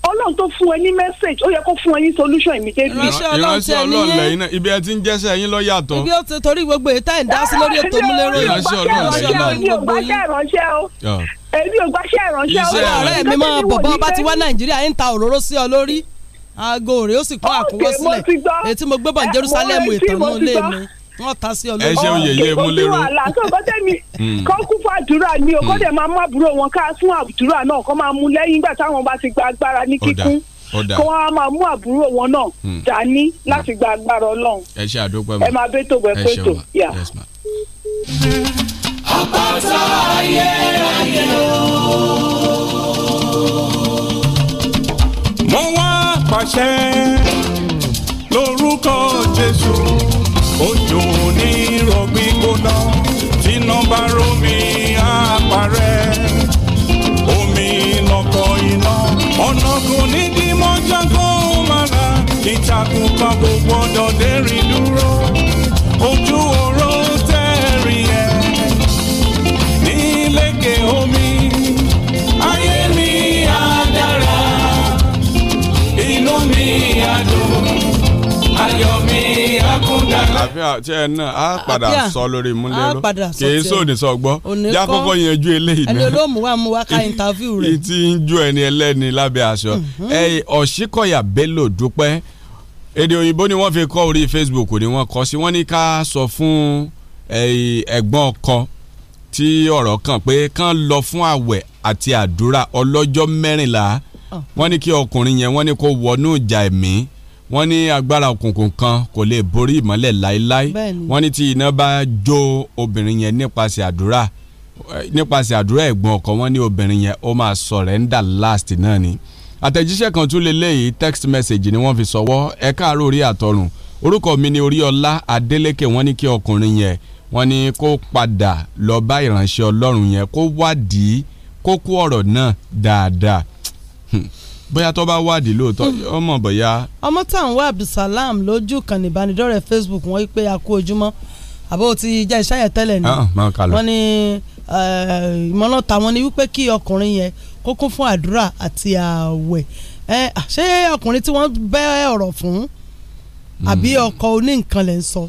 ọlọ́run tó fún ẹ ní message ó yẹ kó fún ẹ ní solution immediately. ìránṣẹ́ ọlọ́run lẹ́yìn náà ibi ẹ ti ń jẹ́sẹ̀ yín ló yàtọ̀. ibi ó ti torí gbogbo èyí tá ẹ̀ ń dá sí lórí ètò múlẹ́rọ̀ ìránṣẹ́ ọlọ́run gbogbo yín. ìránṣẹ́ ọlọ́run èmi ò gbàṣẹ́ ìránṣẹ́ ọlọ́run. iṣẹ́ ọ̀rẹ́ mi máa bọ̀ bọ́ bá ti wá nàìjíríà ń ta òróró sí ọ lórí aago rẹ̀ ó sì kó àkúwọ́ sílẹ̀ èyí tí mo gbé bọ̀ ní Jerusalem ètò náà lé mi wọ́n ta sí ọlọ́run. ẹ ṣeun yèyé múlẹ́rú. kò sí wàhálà tó nǹkan tẹ́mi kọ́ kú fún àdúrà ni o kọ́ hmm. máa mú àbúrò wọn ká fún àdúrà náà kọ́ máa mú lẹ́yìn ìgbà táwọn bá ti gba agbára ní kíkún kó wọn á máa mú àbúrò wọn náà hmm. dání hmm. láti gba agbára ọlọ́run. ẹ ṣe àdógbò ẹ máa bẹ́ tó bẹ́ẹ̀ pé àpáta ayé ayé o. mo wá pàṣẹ lórúkọ jésù òjò ní rọ̀ gbígbóná tíná bá rómi àpárẹ̀ omi lọkọ̀ iná ọ̀nà kò ní dí mọ́jà kó máa ra ìtàkùn kan kò gbọ́dọ̀ dérin dúró ojú o. akunda. àfihàn tí ẹ náà á padà sọ lórí múlẹ́rọ kì í sóòdì sọ gbọ́ já kọ́kọ́ yanjú eléyìí náà. ẹni olóòmù wa mú wa ka interview rẹ. ìtì ń jó ẹni ẹlẹ́ni lábẹ́ aṣọ mhm. ẹ ọ̀ṣíkọ̀yà Bello Dúpẹ́ èdè òyìnbó ni wọ́n fi kọ orí Facebook ni wọ́n kọ sí wọ́n ní ká sọ fún ẹ̀gbọ́n ọkọ tí ọ̀rọ̀ kan pé kán lọ fún àwẹ̀ àti àdúrà ọlọ́jọ́ mẹ́rìnlá ah. wọ́n ní kí ọkùnrin yẹn wọ́n ní kó wọnú ìjà ẹ̀mí wọ́n ní agbára òkùnkùn kan kò lè borí ìmọ́lẹ̀ láéláé wọ́n ní tí iná bá jó obìnrin yẹn nípasẹ̀ àdúrà nípasẹ̀ àdúrà ẹ̀gbọ́n ọkọ wọn ní obìnrin yẹn ó máa sọ̀rẹ́ńdà last náà ni àtẹ̀jíṣẹ́ kan tún leléyìí text message ni wọ́n fi sọ̀wọ́ ẹ káàárọ̀ orí àtọrùn orúkọ mi ni oríọlá adélèké wọ́n ní kí ọkùnrin yẹn wọ́n ní kó padà lọ bá ìránṣẹ́ ọlọ́run yẹn kó wádìí kókó ọ̀rọ̀ náà dáadáa bóyá tó bá wádìí lóòótọ́ ọmọ mm. bóyá. ọmọ tá à ń wá Abdulsalam lójú kan ìbánidọ́rẹ̀ẹ́ Facebook wọ́n pé a kú ojúmọ́ àbó ti jẹ́ iṣẹ́ yẹn tẹ́lẹ̀ ni ah, wọ́n ní eh, ìmọ̀nà tàwọn ni wípé kí ọkùnrin yẹn kó kún fún àdúrà àti ààwẹ̀ eh, ṣé ọkùnrin tí wọ́n bẹ́ ọ̀rọ̀ fún hmm. àbí ọkọ oníǹkan lẹ̀ ń sọ.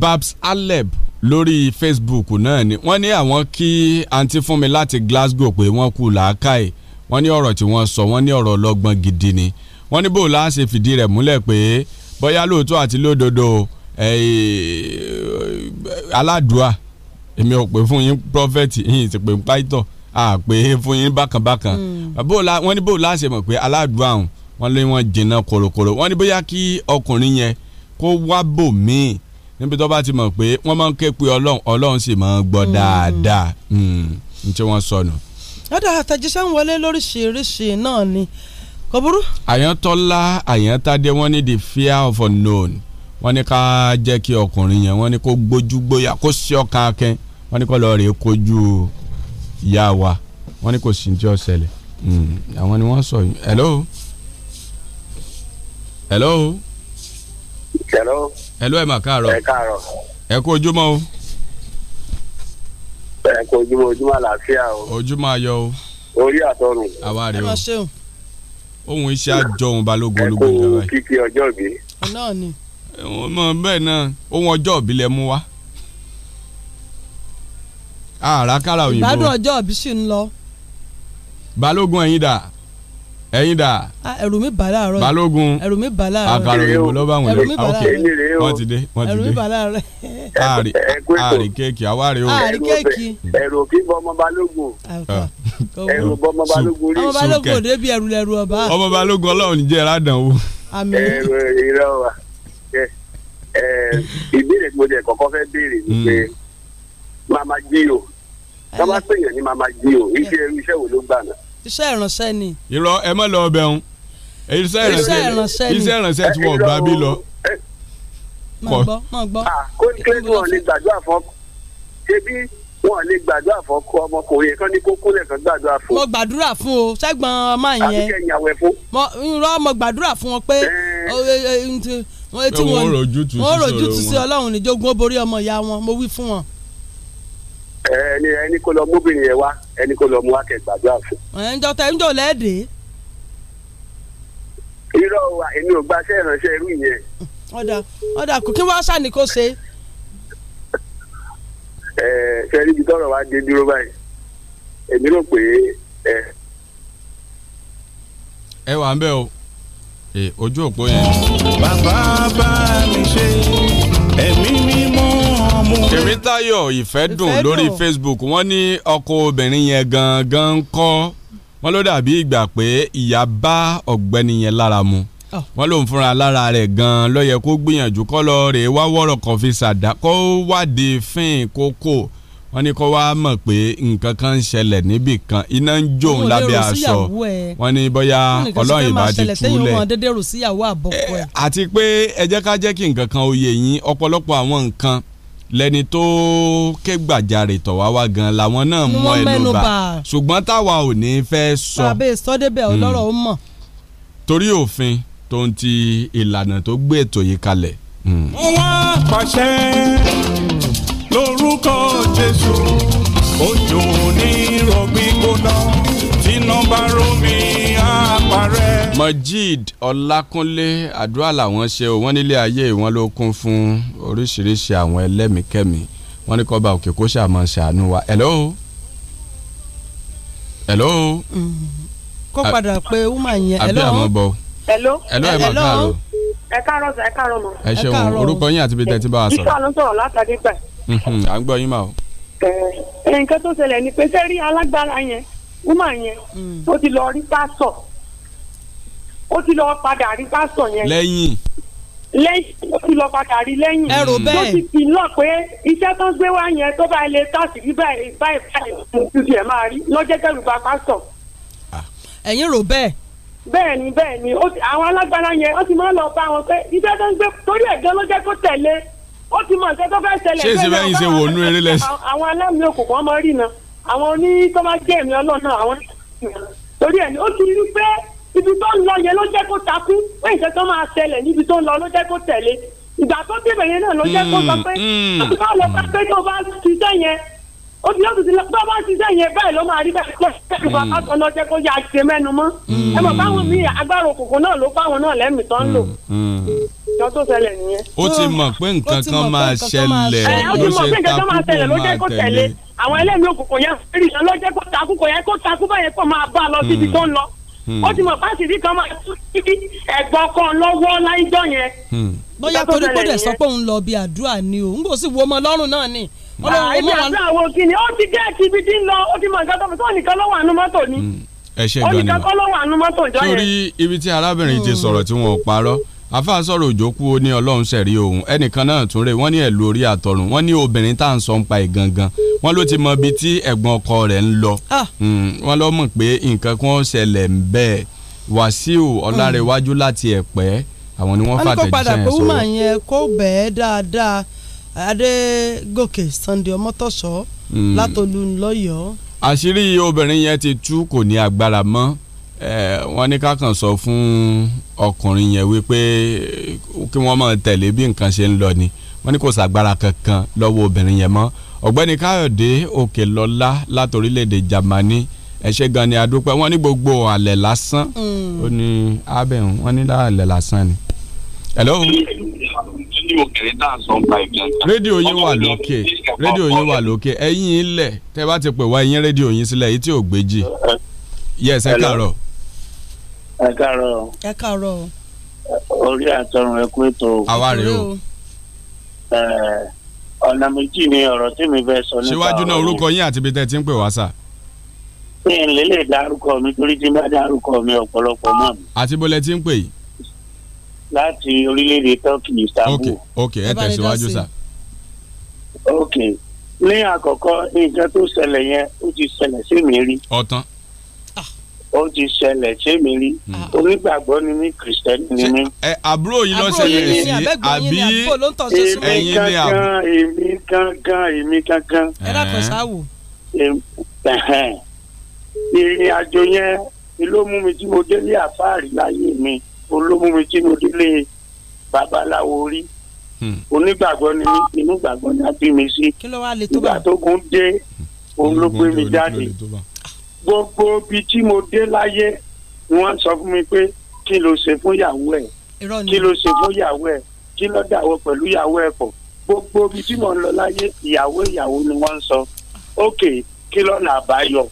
Babs Aleb lórí Facebook náà ni wọ́n ní àwọn kí àǹtí láti Glasgow pé wọ́n kú làákàyè wọ́n ní ọ̀rọ̀ tí wọ́n sọ wọ́n ní ọ̀rọ̀ ọlọ́gbọ́n gidi ni wọ́n ní bò láàṣẹ fìdí rẹ̀ múlẹ̀ pé bóyá lóòótọ́ àti lódodo aládùá èmi ò pè fún yín prọfẹ̀tì yín ti pè pàìtọ̀ à pé fún yín bákànbákàn hmm. wọ́n ní bò láàṣẹ mọ̀ pé aládùá ọ̀hún wọ́n lé wọn jìnnà kòròkòrò wọ́n ní bóyá kí ọkùnrin yẹn kó wá bò míì níbi tó bá ti mọ̀ pé wọ́n máa ń ké pe ọlọ́run ọlọ́run sì máa ń gbọ́ hmm. dáadáa hmm. ní tí wọ́n sọnù lọ́dà àtẹ̀jíṣẹ́ ń wọlé lóríṣiríṣi náà ni kò burú. àyàntọ́lá àyàntádé wọ́n ní the fear of unknown wọ́n ní ká jẹ́ kí ọkùnrin yẹn wọ́n ní kó gbójú gbóyà kó sí ọkàn akẹ́ wọ́n ní kó lọ́ọ́ rèé kojú ìyá wa wọ́n ní kò sí ní tí ó ṣẹlẹ̀ hmm. àwọn ni wọ́n sọ yìí hello hello hello hello ẹ̀ mà káàárọ̀ ẹ̀ káàárọ̀ ẹ̀ kú ojúmọ́ o ẹ kó ojúmọ́ ojúmọ́ àlàáfíà o. ojúmọ́ ayọ̀ o. orí àtọrùn. àwa rè o ohun iṣẹ́ àjọhun balógun olúgbòǹdà báyìí. ẹ kíkí ọjọ́ ìbí. náà ni. bẹ́ẹ̀ náà ohun ọjọ́ ìbí lẹ mú wá àràkàrà òyìnbó ìbádùn ọjọ́ òbí sì ń lọ. balógun ẹ̀yin dà ẹ̀yin dà. ẹ̀rù mi bà láàárọ̀ yìí balógun ẹ̀rù mi bà láàárọ̀ yìí àkàrà òyìnbó ló bá wọn lọ ok wọ́n ti dé wọ́n ti dé ẹ̀rù mi bà láàárọ̀ yìí. ààrì kéèkì àwárí o. ààrì kéèkì. ẹ̀rù kí bọ́mọ balógun. ẹ̀rù bọ́mọ balógun rí. ọmọ balógun ah. òde bí ẹ̀rù lẹ̀rù ọba. ọmọ balógun ọlọ́run ní jẹ́ra dàn o. àmín. ẹ̀rù ìrọ̀ wa ìbéèrè tí mo jẹ kọ́kọ́ fẹ́ béèrè ni pé hmm. mama jí o. tọ́ bá pèèyàn ní mama jí o iṣẹ́ iṣẹ́ wo ló gbà náà iṣẹ́ ìránṣẹ́ ni. irọ́ ẹ mọ̀ lọ ọbẹ̀ òun iṣẹ́ ìránṣẹ́ ni iṣẹ́ ìránṣẹ́ tí wọ́n gbà bí lọ. mọ̀ gbọ́ mọ̀ gbọ́. Ah, kó ní kílẹ̀ tí wọ́n lè gbàdúrà fún ọkọ ṣebí wọ́n lè gbàdúrà fún ọkọ ọmọkùnrin kan ní kókó lẹ́ẹ̀kan gbàdúrà fún. mo gbàdúrà fún o sẹ́gbọ̀n ọmọ yẹn. àbí kẹ́yìn àwẹ̀ fún. irọ́ mo gbàdúrà fún ọ pé e, e, tí wọ́n rojú tu sí ọlọ́run níjogún ó borí ọmọ ìyá wọn mo wí fún wọn. ẹni ẹni kó lọ wá ẹni kó lọ mú wákẹ́ gbàdúrà fún. irọ́ wa èmi ò gbaṣẹ́ ìránṣẹ́ irú yẹn. ọ̀dà ọ̀dà kò kí wọ́n ni kò ṣe. ẹ ṣe ní tọrọ wa dé dúró báyìí èmi rò pé ẹ. ẹ wà ń bẹ o Tèmítáyọ̀ ìfẹ́dùn lórí Facebook wọ́n ní ọkọ obìnrin yẹn gangan ń kọ́ wọ́n ló dàbí ìgbà pé ìyá bá ọ̀gbẹ́ni yẹn lára mu ah. wọ́n lòun fúnra lára rẹ̀ gan-an ló yẹ kó gbìyànjú kọ́ lọ rè wá wọ́rọ̀ kan fi ṣàdá kó wádìí fín kókó wọ́n ní kó wá mọ̀ pé nǹkan kan ń ṣẹlẹ̀ níbì kan iná ń jó òun lábẹ́ aṣọ wọ́n ní bóyá ọlọ́run ìbá ti túlẹ̀ eh, àti pé ẹ jẹ́ ká jẹ́ kí nǹkan kan ó yín ọ̀pọ̀lọpọ̀ àwọn nǹkan lẹni tó ké gbàjarè tọ̀ wá wá gan làwọn náà mọ ẹnu bá ṣùgbọ́n táwa ò ní fẹ́ sọ. bàbá ìsọdébẹ̀ hmm. ọlọ́rọ̀ ó mọ̀. torí òfin tó ń ti ìlànà tó gbé ètò yìí kalẹ̀. Hmm. wọ́n pàṣẹ lórúkọ Jésù òjò ní rọ̀gbìn gbóná tí nọ́mbà rómi parẹ́. Majid Ọlákúnlé àdúrà làwọn ṣe o wọ́n nílé ayé wọn ló kún fún oríṣiríṣi àwọn ẹlẹ́mìkẹ́mì wọ́n ní kọ́ba òkè kó ṣàmọ̀ ṣàánú wa. hello. hello. kó padà pé woman yẹn. abẹ́ àmọ́ bọ̀. hello. hello ẹ̀ máa káàárọ̀. ẹ káàárọ̀ ẹ káàárọ̀ mọ́. ẹ ṣeun orúkọ yín àti ibi tẹ́ nǹkan tó ṣẹlẹ̀ ni pé sẹ́rí alágbára yẹn woman yẹn hmm. ó ti lọ rí pásọ̀ ó ti lọ padà rí pásítọ̀ yẹn. lẹ́yìn. lẹ́yìn ó ti lọ padà rí lẹ́yìn. ẹ rò bẹ́ẹ̀. ló ti fi náà pé iṣẹ́ tó ń gbé wá yẹn tó bá ilé táàsì rí báyìí báyìí báyìí tuntun ẹ̀ máa rí lọ́jọ́ kẹrù bá pásítọ̀. ẹ̀yin rò bẹ́ẹ̀. bẹ́ẹ̀ni bẹ́ẹ̀ni àwọn alágbára yẹn ó ti máa ń lọ bá wọn pé iṣẹ́ tó ń gbé torí ẹ̀gán ló jẹ́ kó tẹ̀lé ó ti mọ nǹkan tó fẹ́ ṣẹlẹ̀. ṣé ìṣẹ̀lẹ̀ yìí ṣe wò nú eré lẹ́sìn. àwọn alámì òkùnkùn ọmọ rí na àwọn oní tó máa jẹ́ ẹ̀mí ọlọ́run náà torí ẹ̀ ni ó ti rí pé ibi tó ń lọ yẹn ló jẹ́ kó takú pé ìṣẹ́ tó máa ṣẹlẹ̀ níbi tó ń lọ ló jẹ́ kó tẹ̀lé ìgbà tó débẹ̀ yẹn náà ló jẹ́ kó sọ pé tó hmm, hmm. bá lọ pé tó bá ṣiṣẹ́ yẹn obìnrin ó ti tó bá ṣiṣẹ́ yẹn bẹ́ẹ̀ ló máa rí bẹ́ẹ̀ pé kẹ́kẹ́ bàbá hmm. kan náà jẹ́ kó yá ṣe mẹ́nu mọ́ ẹ mọ̀ báwọn míì agbára òkùnkùn náà ló fáwọn náà lẹ́mìí tán lò ìjọ tó ṣẹlẹ̀ nìyẹn. ó ti mọ̀ pé nǹkan kan máa ṣẹlẹ̀ ló ṣe takú kó máa tẹ̀lé. àwọn ẹlẹ́mìí òkùnkùn yẹn ló jẹ́ kó takú kó yẹ kó takú báyẹn kó máa bá a lọ síbi tó ń lọ. Hmm. ó ti mọ̀ pàṣẹ ìdí kan máa tún sí ẹ̀gbọ́n kan lọ́wọ́ láìjọ́ yẹn. Hmm. bóyá torí kó dẹ̀ sọ pé òun lọ bí àdúrà ni o n sì wo ọmọ náà ni. àdúrà wo ni ó ti dé ibi tí ń lọ ó ti mọ nǹkan tó fi tó nìkan lọ́wọ́ àánú mọ́tò ni. Hmm. ẹ ṣe ni ó nìkan kọ́ lọ́wọ́ àánú mọ́tò jọ yẹn. torí ibi tí arábìnrin ti sọ̀rọ̀ tí wọn àfa sọ̀rọ̀ òjòkú ó ní ọlọ́run ṣẹ̀rí òun ẹnìkan náà tún rè wọ́n ní ẹ̀lú orí àtọ̀run wọ́n ní obìnrin tá à ń sọ ń pa ẹ̀ gangan wọ́n ló ti mọ ibi tí ẹ̀gbọ́n ọkọ rẹ̀ ń lọ ah. hmm, wọ́n lọ mọ̀ pé nǹkan kan ṣẹlẹ̀ ń bẹ́ẹ̀ Wàsíù Ọlárẹ̀wájú láti Ẹ̀pẹ́ àwọn ni wọ́n fàtẹ̀jíṣẹ́ yẹn hmm. àṣírí obìnrin yẹn ti tú kò ní agbára mọ́ wọ́n ní ká kàn sọ fún ọkùnrin yẹn wípé kí wọ́n máa tẹ̀lé bí nǹkan ṣe ń lọ ni wọ́n ní kò sàgbára kankan lọ́wọ́ obìnrin yẹn mọ́ ọ̀gbẹ́ni káyọ̀dé òkèlọ́lá látòrílẹ̀‐èdè Jámánì ẹ gan ni adúpẹ́ wọ́n ní gbogbo àlẹ̀ lásán mm. ó ní abẹ́hùn wọ́n ní àlẹ̀ lásán ni. hello. rédíò yín wà lókè rédíò yín wà lókè ẹ̀yin ilẹ̀ tẹ́ bá ti pè wá ẹ̀yin rédíò yín sílẹ̀ èyí tí ò gbé jì yes ẹ káàárọ̀ ẹ káàárọ̀. ẹ káàárọ̀. orí àtọrun ẹ kú ètò. àwa rèé o. ọ̀nà méjì ni ọ̀rọ̀ tí mi fẹ́ sọ nípa ọ̀rọ̀. síwájú náà orúkọ yín àti ibi tẹ́ ti ń pè wá sà. mi ò lè lè dárúkọ mi torí tí n bá dárúkọ mi ọ̀pọ̀lọpọ̀ mọ́ mi. àti bọ́lẹ̀ tí ń pè yìí. láti orílẹ̀-èdè turkey istanbul. ok ok ẹ tẹ̀síwájú sà. ok ní àkọ́kọ́ nǹkan tó ṣẹlẹ̀ yẹn ó ti ṣẹlẹ̀ sí mi rí. ọ̀tán ó ti ṣẹlẹ̀ sẹ́mi rí hmm. onígbàgbọ́ ni mí kìrìsìtẹ́nì ni mí. àbúrò yìí ló ṣẹlẹ̀ sí àbí ẹ̀yin ni àbúrò. èmi gangan èmi gangan èmi gangan. ẹ dákun sáwò. ìrìn àjò yẹn ló mú mi tí mo délé àfáàrí láyé mi ló mú mi tí mo délé babaláwo rí hmm. onígbàgbọ́ ni mí inú gbàgbọ́ ni a bí mi sí ìgbà tó gún dé hmm. òun ló gbé mi jáde gbogbo ibi tí mo dé láyé wọ́n sọ fún mi pé kí ló ṣe fún ìyàwó ẹ̀ kí ló ṣe fún ìyàwó ẹ̀ kí ló dàwọ pẹ̀lú ìyàwó ẹ̀ pọ̀ gbogbo ibi tí mo ń lọ láyé ìyàwó ìyàwó ni wọ́n sọ ókè kí lọ́nà àbáyọ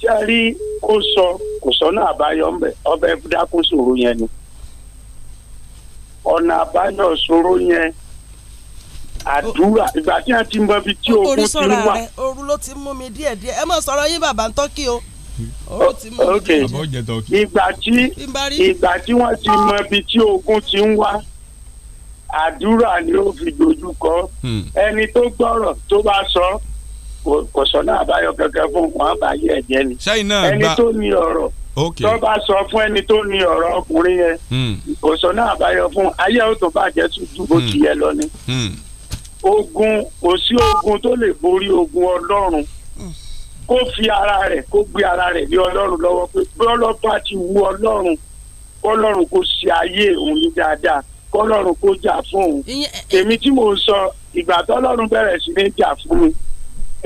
tí a rí kó sọ kò sọ́nà àbáyọ ńbẹ ọbẹ̀ dákú sòro yẹn ni ọ̀nà àbáyọ sòro yẹn àdúrà ìgbà tí wọn ti mọ ibi tí ogun ti ń wà. ooru ló ti mú mi díẹ̀ díẹ̀ ẹ mọ sọ̀rọ̀ yín bàbá ń tọ́kì o. ooru ti ìgbà tí ìgbà tí wọn ti mọ ibi tí ogun ti wà àdúrà ni ó fi dojú kọ hmm. ẹni tó gbọ́rọ̀ tó bá sọ kò sọ́nà àbáyọ kankan fún wọn bá yẹ ẹ̀jẹ̀ ni ẹni tó ní ọ̀rọ̀ tó bá sọ fún ẹni tó ní ọ̀rọ̀ ọkùnrin yẹn hmm. kò sọ́nà àbáyọ fún ayé ó tó tó ju bó hmm. ti yẹ lọ ni ogun kò sí ogun tó lè borí ogun ọlọ́run kó fi ara rẹ̀ kó gbé ara rẹ̀ lé ọlọ́run lọ́wọ́ pé bọ́lọ́pà ti wú ọlọ́run kọ́lọ́run kó ṣe ayé òun ní dáadáa kọ́lọ́run kó jà fún òun èmi tí mò ń sọ ìgbà tọ́lọ́run bẹ̀rẹ̀ sí ní jà fún mi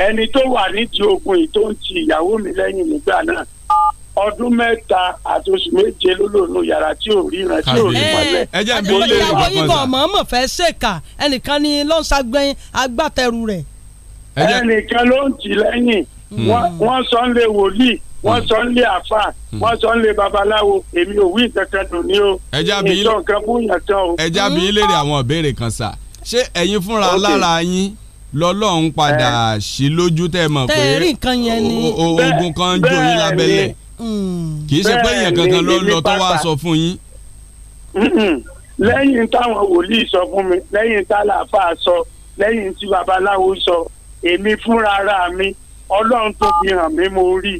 ẹni tó wà nídìí ogun yìí tó ń ti ìyàwó mi lẹ́yìn nígbà náà ọdún mẹ́ta àti oṣù méje ló lò nù yàrá tí ò rí ìrántí ò rí mọ́lẹ̀. ẹ jẹ́ mi lè ìyàwó ibọ̀ mọ̀ọ́mọ̀ fẹ́ ṣèkà ẹnìkan ni ló ń ṣàgbẹ́yìn agbátẹrù rẹ̀. ẹnìkan ló ń tì lẹ́yìn hmm. wọ́n sọ ń lé wòlíì wọ́n hmm. sọ ń lé àfà hmm. wọ́n sọ ń lé babaláwo èmi ò wí kankan dùn ní o ìjọ nǹkan bóyá kan o. ẹ jábí ilé rẹ̀ àwọn ìbéèrè kan sà ṣé ẹ̀yin fúnra lára yín lọ́lọ́run padà eh. sí lójú tẹ́ mọ̀ pé ogun kan jó yín lábẹ́lẹ̀ kì í ṣe pé èèyàn kankan ló lọ tó wá sọ fún yín. lẹ́yìn táwọn wòlíì sọ fún mi lẹ́yìn tálàfà sọ lẹ́yìn tí babaláwo sọ èmi fúnra ara mi ọlọ́run tó fi hàn mí mo rí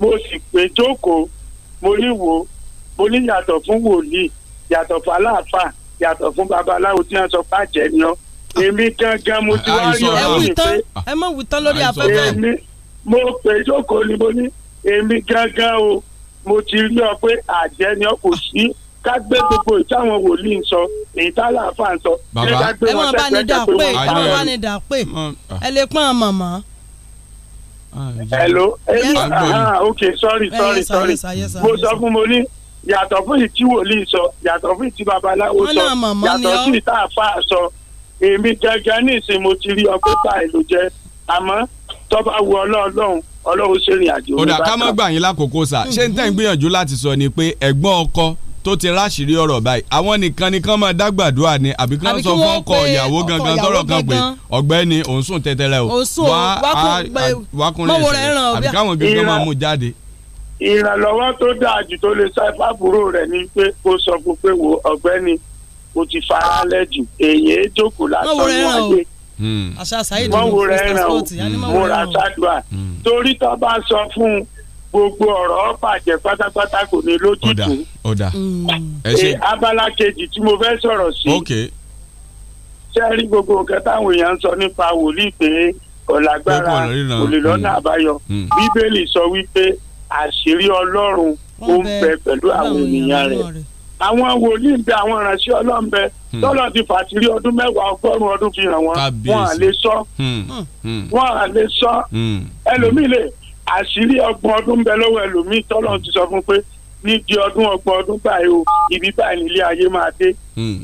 mo sì pé jókòó mo rí wò mo ní yàtọ̀ fún wòlíì yàtọ̀ fún aláàfà yàtọ̀ fún babaláwo tí wọ́n sọ pé àjẹ́ ni ọ́ èmi gangan mo ti wá rí ọ̀rọ̀ mi pé ẹ mọ̀ wí tán lórí afẹ́fẹ́. mo pè jókòó ni mo ní èmi gángan o mo ti rí ọ pé àjẹ́ ni ọ kò sí ká gbé gbogbo ìtàwọn wòlíì ń sọ èyí tá láàfà ń sọ. bàbá ẹ wọn bá ní dà pé ẹ wọn bá ní dà pé ẹ lè pọ́n màmá. hello ah, ah, ok sorry sorry sorry mo sọ fún mo ní yàtọ̀ fún ìtí wòlíì sọ yàtọ̀ fún ìtí babaláwo sọ yàtọ̀ sí ìta àfa sọ èmi gẹ́gẹ́ ní ìsìn mo ti rí ọgbẹ́ báyìí ló jẹ́ àmọ́ tọ́ba wù ọlọ́ọ̀lọ́hún ọlọ́run ṣe ìrìn àjò. kódà ká mọ́ gbà yín lákòókò sà ṣé n tẹ́ ń gbìyànjú láti sọ ni pé ẹ̀gbọ́n ọkọ tó ti ráṣìírí ọ̀rọ̀ báyìí àwọn nìkan nìkan máa dágbàdúrà ni àbí kí wọ́n sọ fún ọkọ ìyàwó gangan tọrọ kan pé ọ̀gbẹ́ni òun sùn tẹ́tẹ́rẹ́ o wá kúnlẹ̀ ìṣẹ̀lẹ̀ àbí káwọn gangan máa mú jáde ìrànlọ́wọ́ tó dáa jù tó lè sọ ẹ̀fà búrò rẹ̀ ni pé kó sọ fún pé wo ọ̀gbẹ́ni o ti fara lẹ́jù èèyàn jókòó látọ̀ wọ́n ayé Hmm. àṣà saheed ló fi transport mo ra ṣáàdùà hmm. torí tó bá sọ fún gbogbo ọ̀rọ̀ bàjẹ́ pátápátá kò ní lójútùú hmm. abala kejì tí mo fẹ́ sọ̀rọ̀ sí ṣe gbogbo nǹkan táwọn èèyàn ń sọ nípa wòlíì pé ọ̀làgbára olùlọ́nà àbáyọ bíbélì sọ wípé àṣírí ọlọ́run ó ń bẹ pẹ̀lú àwọn ènìyàn rẹ̀ àwọn wòlíì ń bẹ àwọn ìránṣẹ́ Ọlọ́run bẹ lọ́lọ́ hmm. ti fàtìrí ọdún mẹ́wàá ọgọ́rùn-ún ọdún fi hàn wọ́n wọn à lè sọ hmm. hmm. wọn à lè sọ ẹlòmíì lè àṣírí ọgbọ̀n ọdún ń bẹ lọ́wọ́ ẹlòmíì tọ́lọ́run ti sọ fún pé ní di ọdún ọgbọ̀n ọdún báyìí o ibi báyìí nílé ayé máa dé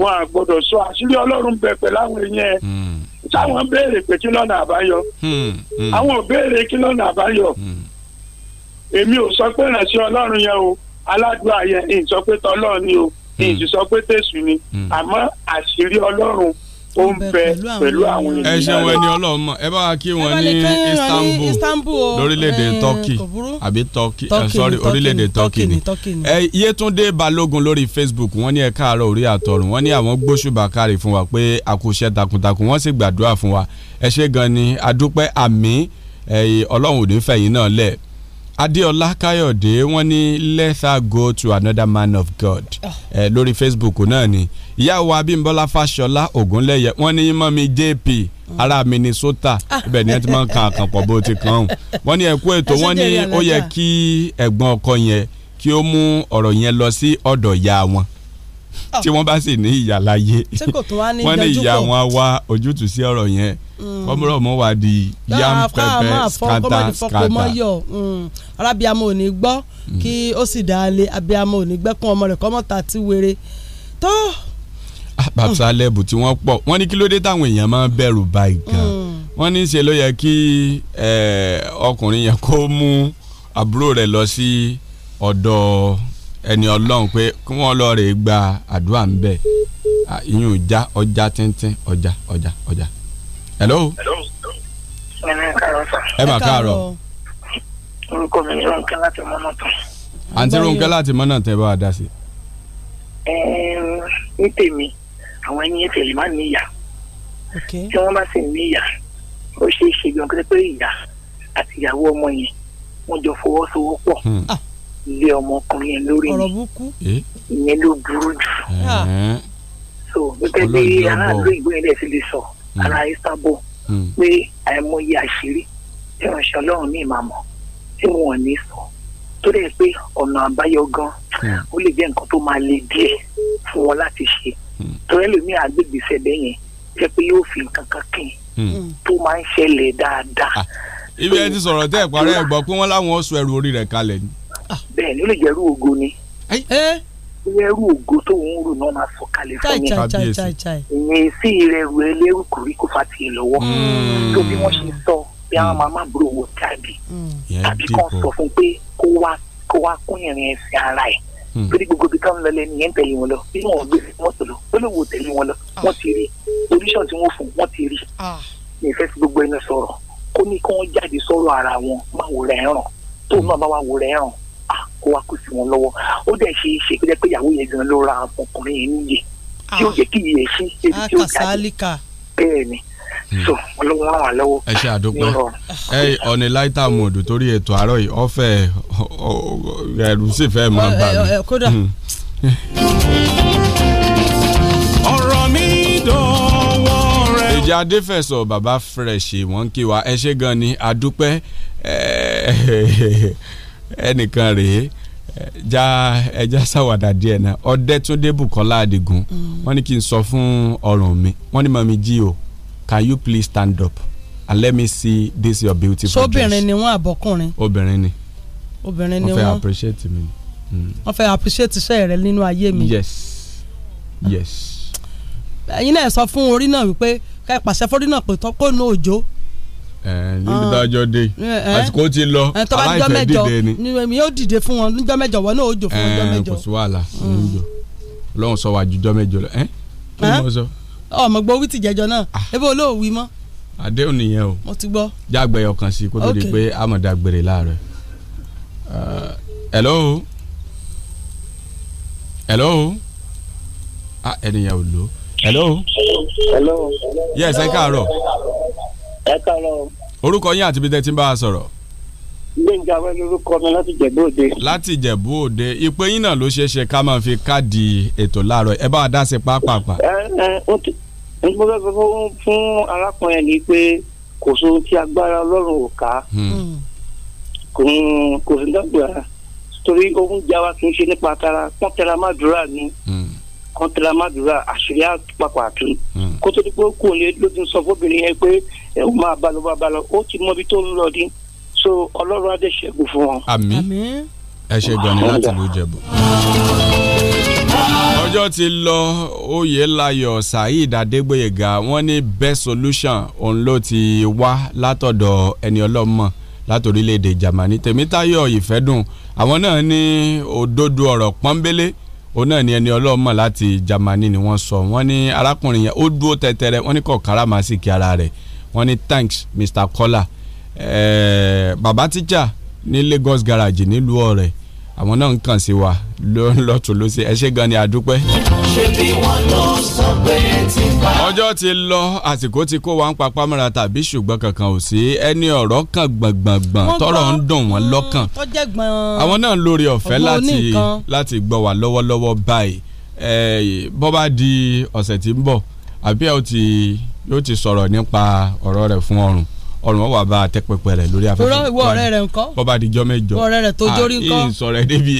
wọn à gbọdọ̀ sọ àṣírí Ọlọ́run bẹ pẹ̀lú àwọn èèyàn ẹ̀ táwọn béèrè pé kí lọ́nà àbáyọ àwọn ò béèrè kí lọ́nà àbáyọ èmi ò sọ pé ìránṣẹ́ Ọlọ́run yẹn o aládùúrà yẹn ìsọ pé tọlọ́run ni o hmm. ìsọ pé tèṣù ni hmm. àmọ́ àṣírí ọlọ́run ó ń bẹ pẹ̀lú àwọn ènìyàn. ẹ ṣeun ẹni ọlọ́run mọ ẹ bá wa kí wọn ní Istanbul lórílẹ̀‐èdè Turkey àbí Turkey sorry orílẹ̀‐èdè Turkey ni Yétúndé Balógun lórí Facebook wọ́n ní ẹ káàárọ̀ orí àtọ̀run wọ́n ní àwọn gbóṣùbà kárì fún wa pé àkùṣe takuntakun wọ́n sì gbàdúrà fún wa ẹ ṣé gan ni adúpẹ́ àmì ọlọ́run ò ní fẹ̀yìn náà lẹ̀ adéọlá káyọ̀dé wọ́n ní let's go to another man of god Eh, ah. lori facebook náà ni ìyá wa abímbọ́lá fáṣọlá ògúnlẹ̀yẹ wọ́n imami mọ́mi jp ah. ará minnesota ah. ibẹ̀ ni ẹ ti máa ń kan àkànpọ̀ bó ti kàn án wọ́n ní ẹ̀kú ètò wọ́n ní ó yẹ kí ẹ̀gbọ́n ọkọ yẹn kí ó mú ọ̀rọ̀ yẹn lọ sí ọ̀dọ̀ ìyá wọn Ah. tí wọ́n bá sì ní ìyà láyé wọ́n ní ìyà wọn wá ojútùú sí ọ̀rọ̀ yẹn hmm. kọ́mọ́rọ̀ mọ́ wá di ah, yam pẹpẹ skata skata. Hmm. arábíàmọ́ ò ní gbọ́ hmm. kí ó sì dá a lé abíàmọ́ ò ní gbẹ́kún ọmọ rẹ̀ kọ́mọ́ta ti wéré tó. Ah, bàbá lẹ́bù tí wọ́n pọ̀ wọ́n ní kí ló dé táwọn èèyàn máa ń bẹ̀rù báyìí gan wọ́n ní ṣe ló yẹ kí eh, ọkùnrin yẹn kó mú àbúrò rẹ̀ lọ sí ọ̀dọ̀ ẹni ọlọ́run pé kí wọ́n lọ rè gba àdúrà ń bẹ̀ ìyún ọjà ọjà tíntín ọjà ọjà ọjà. hello. ẹ mà káàárọ̀. orúkọ mi ni Rónkẹ́ láti Mọ́nàtàn. àǹtí Rónkẹ́ láti Mọ́nàtàn ẹ bá wa dá sí. ní tèmi àwọn ẹni ètò lè má níyà tí wọ́n bá sì níyà ó ṣeé ṣe bí wọn kí pé ìyá àti ìyàwó ọmọ yẹn wọ́n jọ fọwọ́sowọ́pọ̀. Hmm. Ah, lé ọmọkùnrin yẹn lórí mi eh? ìyẹn ló burú jù ah. Ah. so gẹ́gẹ́ bí aráàlú ìgbó yẹn lẹ́sìn lè sọ hmm. ara istanbul hmm. pé àìmọye àṣírí tí wọ́n ṣe ọlọ́run ní ìmàmọ́ tí wọ́n ní sọ tó dẹ̀ pé ọ̀nà àbáyọ gan hmm. ó lè jẹ́ nǹkan tó máa le díẹ̀ fún wọn láti ṣe torí ẹlòmíì àgbègbè sẹ́bẹ̀ yẹn jẹ́ pé yóò fi nǹkan kan kí n tó máa ń ṣẹlẹ̀ dáadáa. Ah. ibi ẹ ti sọ̀rọ̀ tẹ́ ẹ̀ parẹ́ ẹ̀ gbọ́ pé wọ́n láwọn sọ ẹrù orí rẹ̀ kalẹ̀ ni. Ah. bẹ́ẹ̀ ni ó lè jẹ́ irú ògo ni ẹrú ògo tó ń rù náà máa sọ kalẹ̀ fún mi ìyẹn sí ìrẹ̀rù ẹlẹ́rù kòríkò fati lọ́wọ́ hmm. tó bí wọ́n ṣe sọ bí àwọn màmá àbúrò wò tàbí tàbí kan sọ fún pé kó wá kó wá kún ìrìn ẹsẹ̀ ara ẹ̀ hmm. torí gbogbo ibi táwọn lọlẹ́ nìyẹn ń tẹ̀lé wọn lọ bí wọn gbé mọ́tò lọ ó lè wò tẹ̀lé wọn lọ ah. wọ́n ti rí oríṣàn tí wọ́n fún wọ́n ti rí ní ìfẹ́ sí gbogbo ẹnu sọ̀rọ̀ kó ní kí wọ́n jáde sọ̀rọ̀ ara wọn máa wò rẹ̀ ẹ̀ràn tó náà bá wà wò rẹ̀ ẹ̀ràn Ah, kó wá kó sí wọn lọ́wọ́ ó dẹ̀ ṣe é ṣe pé ìyàwó yẹn gan ló ra ọkùnrin yẹn níyì tí ó ah. jẹ́ kí iye ṣí ebi tí ó ah, jáde bẹ́ẹ̀ ni hmm. so ọlọ́wọ́ ràn wá lọ́wọ́. ẹ ṣe àdópẹ́ ẹ ọ̀nì láìta mòdù torí ètò àárọ̀ yìí ọ̀fẹ́ ẹ̀rù sì fẹ́ máa bà mí. Hmm. ọ̀rọ̀ mi dọ̀wọ́ rẹ̀. ìjà adéfẹ̀sọ̀ bàbá fresh wọ́n ń kí wa ẹ ṣe gan ni àdúpẹ́ ẹ̀ẹ́ ẹnìkan rèé já ẹja ṣàwàdà díẹ̀ náà Ọdẹ́túndé Bùkọ́lá Adigun mm. wọ́n ní kí n sọ fún ọrùn mi wọ́n ní màmí jí o can you please stand up and let me see this your beautiful dress. sóbìnrin ni wọ́n àbọ̀kùnrin. obìnrin ni obìnrin ni wọ́n fẹ́ appreciate mi. Mm. wọ́n fẹ́ appreciate iṣẹ́ rẹ nínú ayé mi. yes yes. ẹ̀yin náà sọ fún orí náà wípé ká ẹ pàṣẹ fún orí náà pé tó kó nu òjò níbi tá ah. dé àsìkò ti lọ aláìfẹ́ dìde ni. yóò dìde fún wọn níjọ́ wọn náà ó jò fún wọn kò sí wàhálà níjọ́ ah. lọ́wọ́n sọ wàá jùjọ́ mẹ́jọ lọ. ọmọ gbọ́ wí ti jẹjọ náà ah. ebi olóò wí mọ́. àdéhùn nìyẹn o mo ti gbọ́. jágbe ọkàn sí kó tó di pé amọ̀dá gbèrè láàárọ̀. hello hello ah ẹnìyẹn ò lò hello. hello. yes ẹ káàárọ̀ ẹ kàárọ̀. orúkọ yín àti ibi tẹ́ ti ń bá a sọ̀rọ̀. gbẹ̀ngà wẹ́n lórúkọ mi láti Ìjẹ̀bú Òde. láti Ìjẹ̀bú Òde ìpè yín náà ló ṣeé ṣe ká máa fi káàdì ètò láàárọ̀ ẹ bá a dá sí pápápá. ẹ ẹ mo fẹ́ sọ fún arákùnrin ni pé kò sóhun tí agbára Ọlọ́run ò ká hmm. kò sí dàgbà torí ohun jáwa kì í ṣe nípa tara pọ́ńtẹ́ra má dúrà ni hmm. kọ́ńtẹ́ra má dúrà àṣírí àpapọ̀ àtún hmm. kó tó di pé kò lè ló ti sọ fóbìnrin yẹn pé ó máa bá lọ bá bá lọ ó ti mọ ibi tó ń lọ ní so ọlọ́run á dẹ̀ ṣẹ́gun fún wọn. àmín ẹ ṣe láti ìlú Ìjẹ̀bú. ọjọ́ ti lọ Oyèláyọ̀ Saheed Adégbóyèga wọ́n ní best solution òun ló ti wá látọ̀dọ̀ ẹni ọlọ́mọ láti orílẹ̀-èdè Germany Tèmítáyọ̀ Ìfẹ́dùn àwọn náà ní òdodo ọ̀rọ̀ pọ́nbélé òun náà ni ẹni ọlọ́mọ láti Germany ni wọ́n sọ wọ́n ní arákùnrin yẹn ó dúró tẹ́tẹ́rẹ́ wọ́n ní kọ̀ káràmásìkì ara rẹ̀ wọ́n ní thanks Mr. Kola eh, baba tíjà ní Lagos garage nílùú ọ̀rẹ́ àwọn náà ń kàn sí wa lọ́tún ló ṣe ẹ ṣé gan ni àdúpẹ́. ṣebí wọn ló sọ pé ti bá. ọjọ́ ti lọ àsìkò ti kó wa ń pa pamọ́ra tàbí ṣùgbọ́n kankan ò sí ẹni ọ̀rọ̀ kan gbọ̀ngbọ̀ngbọ̀n tọrọ ń dùn wọ́n lọ́kàn. àwọn náà lórí ọ̀fẹ́ láti gbọ́ wa lọ́wọ́lọ́wọ́ báyìí eh, bọ́ bá di ọ̀sẹ̀ tí ń bọ̀ àbí ẹ̀ ó ti yóò ti sọ̀rọ̀ nípa ọ̀rọ̀ rẹ̀ fún ọrùn ọrùn wọn wà bá a tẹ pẹpẹ rẹ lórí afẹ́fẹ́. rọ ìwọ ọ̀rẹ́ rẹ ńkọ́. bọba àdìjọ mẹ́jọ. ọ̀rẹ́ rẹ tó jórí ńkọ́. ah ìsọ̀rọ̀ ẹ débi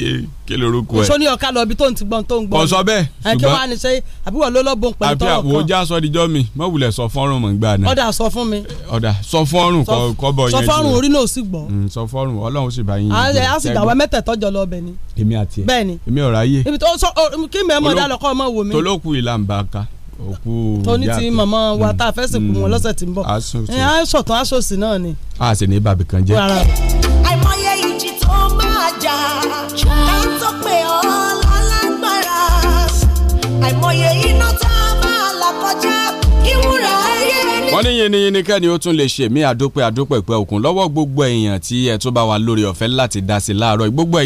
kele orúkọ ẹ. sọni ọ̀ka lọ ibi tó ń ti gbọ́n tó ń gbọ́n. kò sọ bẹ́ẹ̀ ṣùgbọ́n kí wàá ní sẹ́yìn àbí wọ́n ló lọ́bùn pẹ̀lú tọ́lọ̀ kan. àbí àwòjá sọ díjọ́ mi mọ wulẹ̀ sọ fọ́rùn mọ̀ gbà náà. ọ̀dà sọ fún mi. ọ̀dà sọ fọ́rùn kọ́bọ̀ yẹn jù. sọ fọ́rùn orí náà sì gbọ́. Mm, sọ fọ́rùn ọlọ́run sì bá yín. a sì gbà wá mẹ́tẹ̀ẹ̀tọ́jọ lọ bẹ̀ ni. èmi àti ẹ bẹ́ẹ̀ ni èmi ọ̀ráyè. kí mẹ́ẹ̀mọ́ dá lọ́kọ́ ọmọ wò mí. tolókù ìlànà bàkà òkú ìyá tóní ti màmá wa tá a fẹ́ sìnkú wọn mm. lọ́sẹ̀ tí ń bọ̀ ẹ̀ á sọ̀tàn aṣòsì náà ni. a sì ní bàbí kan jẹ́. àìmọye ìjì tó máa jà ká tó pé ọ́ lálágbára àìmọye iná tó máa là kọjá ìwúrà ayé ní. wọ́n ní yìnyín nìkan ni ó tún lè ṣe mí àdópẹ́ àdópẹ́ pẹ́ òkun lọ́wọ́ gbogbo èèyàn tí ẹ tó bá wa lórí ọ̀fẹ́ láti dá sí láàárọ̀ gbogbo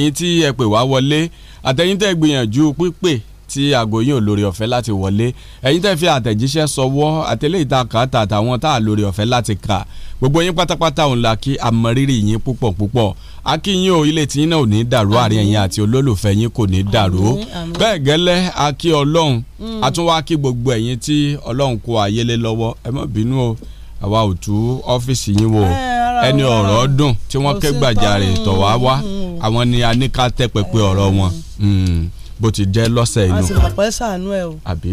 tí aago yìí ò lórí ọ̀fẹ́ láti wọlé ẹ̀yin tẹ́ fi àtẹ̀jíṣẹ́ sọwọ́ àtẹlẹ́ ìtaka tàtàwọn tá a lórí ọ̀fẹ́ láti kà gbogbo yín pátápátá òun la kí amọ̀rírì yín púpọ̀ púpọ̀ akíyín o ilé tí yín náà ò ní dàrú àárín ẹ̀yin àti olólùfẹ́ yín kò ní dàrú bẹ́ẹ̀ gẹ́lẹ́ akí ọlọ́run àtúnwá mm. kí gbogbo ẹ̀yin tí ọlọ́run kó ayélé lọ́wọ́ ẹ má bínú o àwa ò tú ọ́fíìsì yín wò eh, ẹni ọ̀rọ̀ dùn tí wọ́n ké gbàjarè tọ̀ wá wá àwọn ni a ọ̀rọ̀ wọn. Mm. Mm bó ti jẹ́ lọ́sẹ̀ inú kan. a sì mọ̀ pé sànú ẹ o. àbí.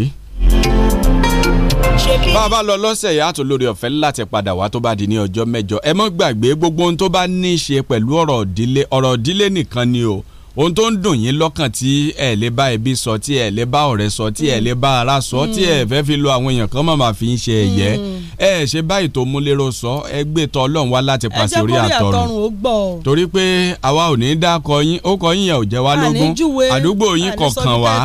bá a bá lọ lọ́sẹ̀ yìí àtò lórí ọ̀fẹ́ láti padà wá tó bá di ní ọjọ́ mẹ́jọ ẹ mọ́ gbàgbé gbogbo ohun tó bá ní í ṣe pẹ̀lú ọ̀rọ̀ ìdílé ọ̀rọ̀ ìdílé nìkan ni o ohun tó ń dùn yín lọ́kàn tí ẹ lè bá ẹbí sọ tí ẹ lè bá ọ̀rẹ́ sọ tí ẹ mm. lè bá ara sọ tí ẹ mm. fẹ́ fi lo àwọn èèyàn kan mọ̀mọ́ fi ń ṣe ẹ̀yẹ mm. ẹ ṣe báyìí tó múlẹ́rọ sọ ẹ gbé tọ ọlọ́run wá láti pàṣẹ orí àtọrun torí pé àwa ò ní dá kọ yín ó kọ yín yẹn ò jẹ́ wá lógún àdúgbò yín kọ̀ọ̀kan wá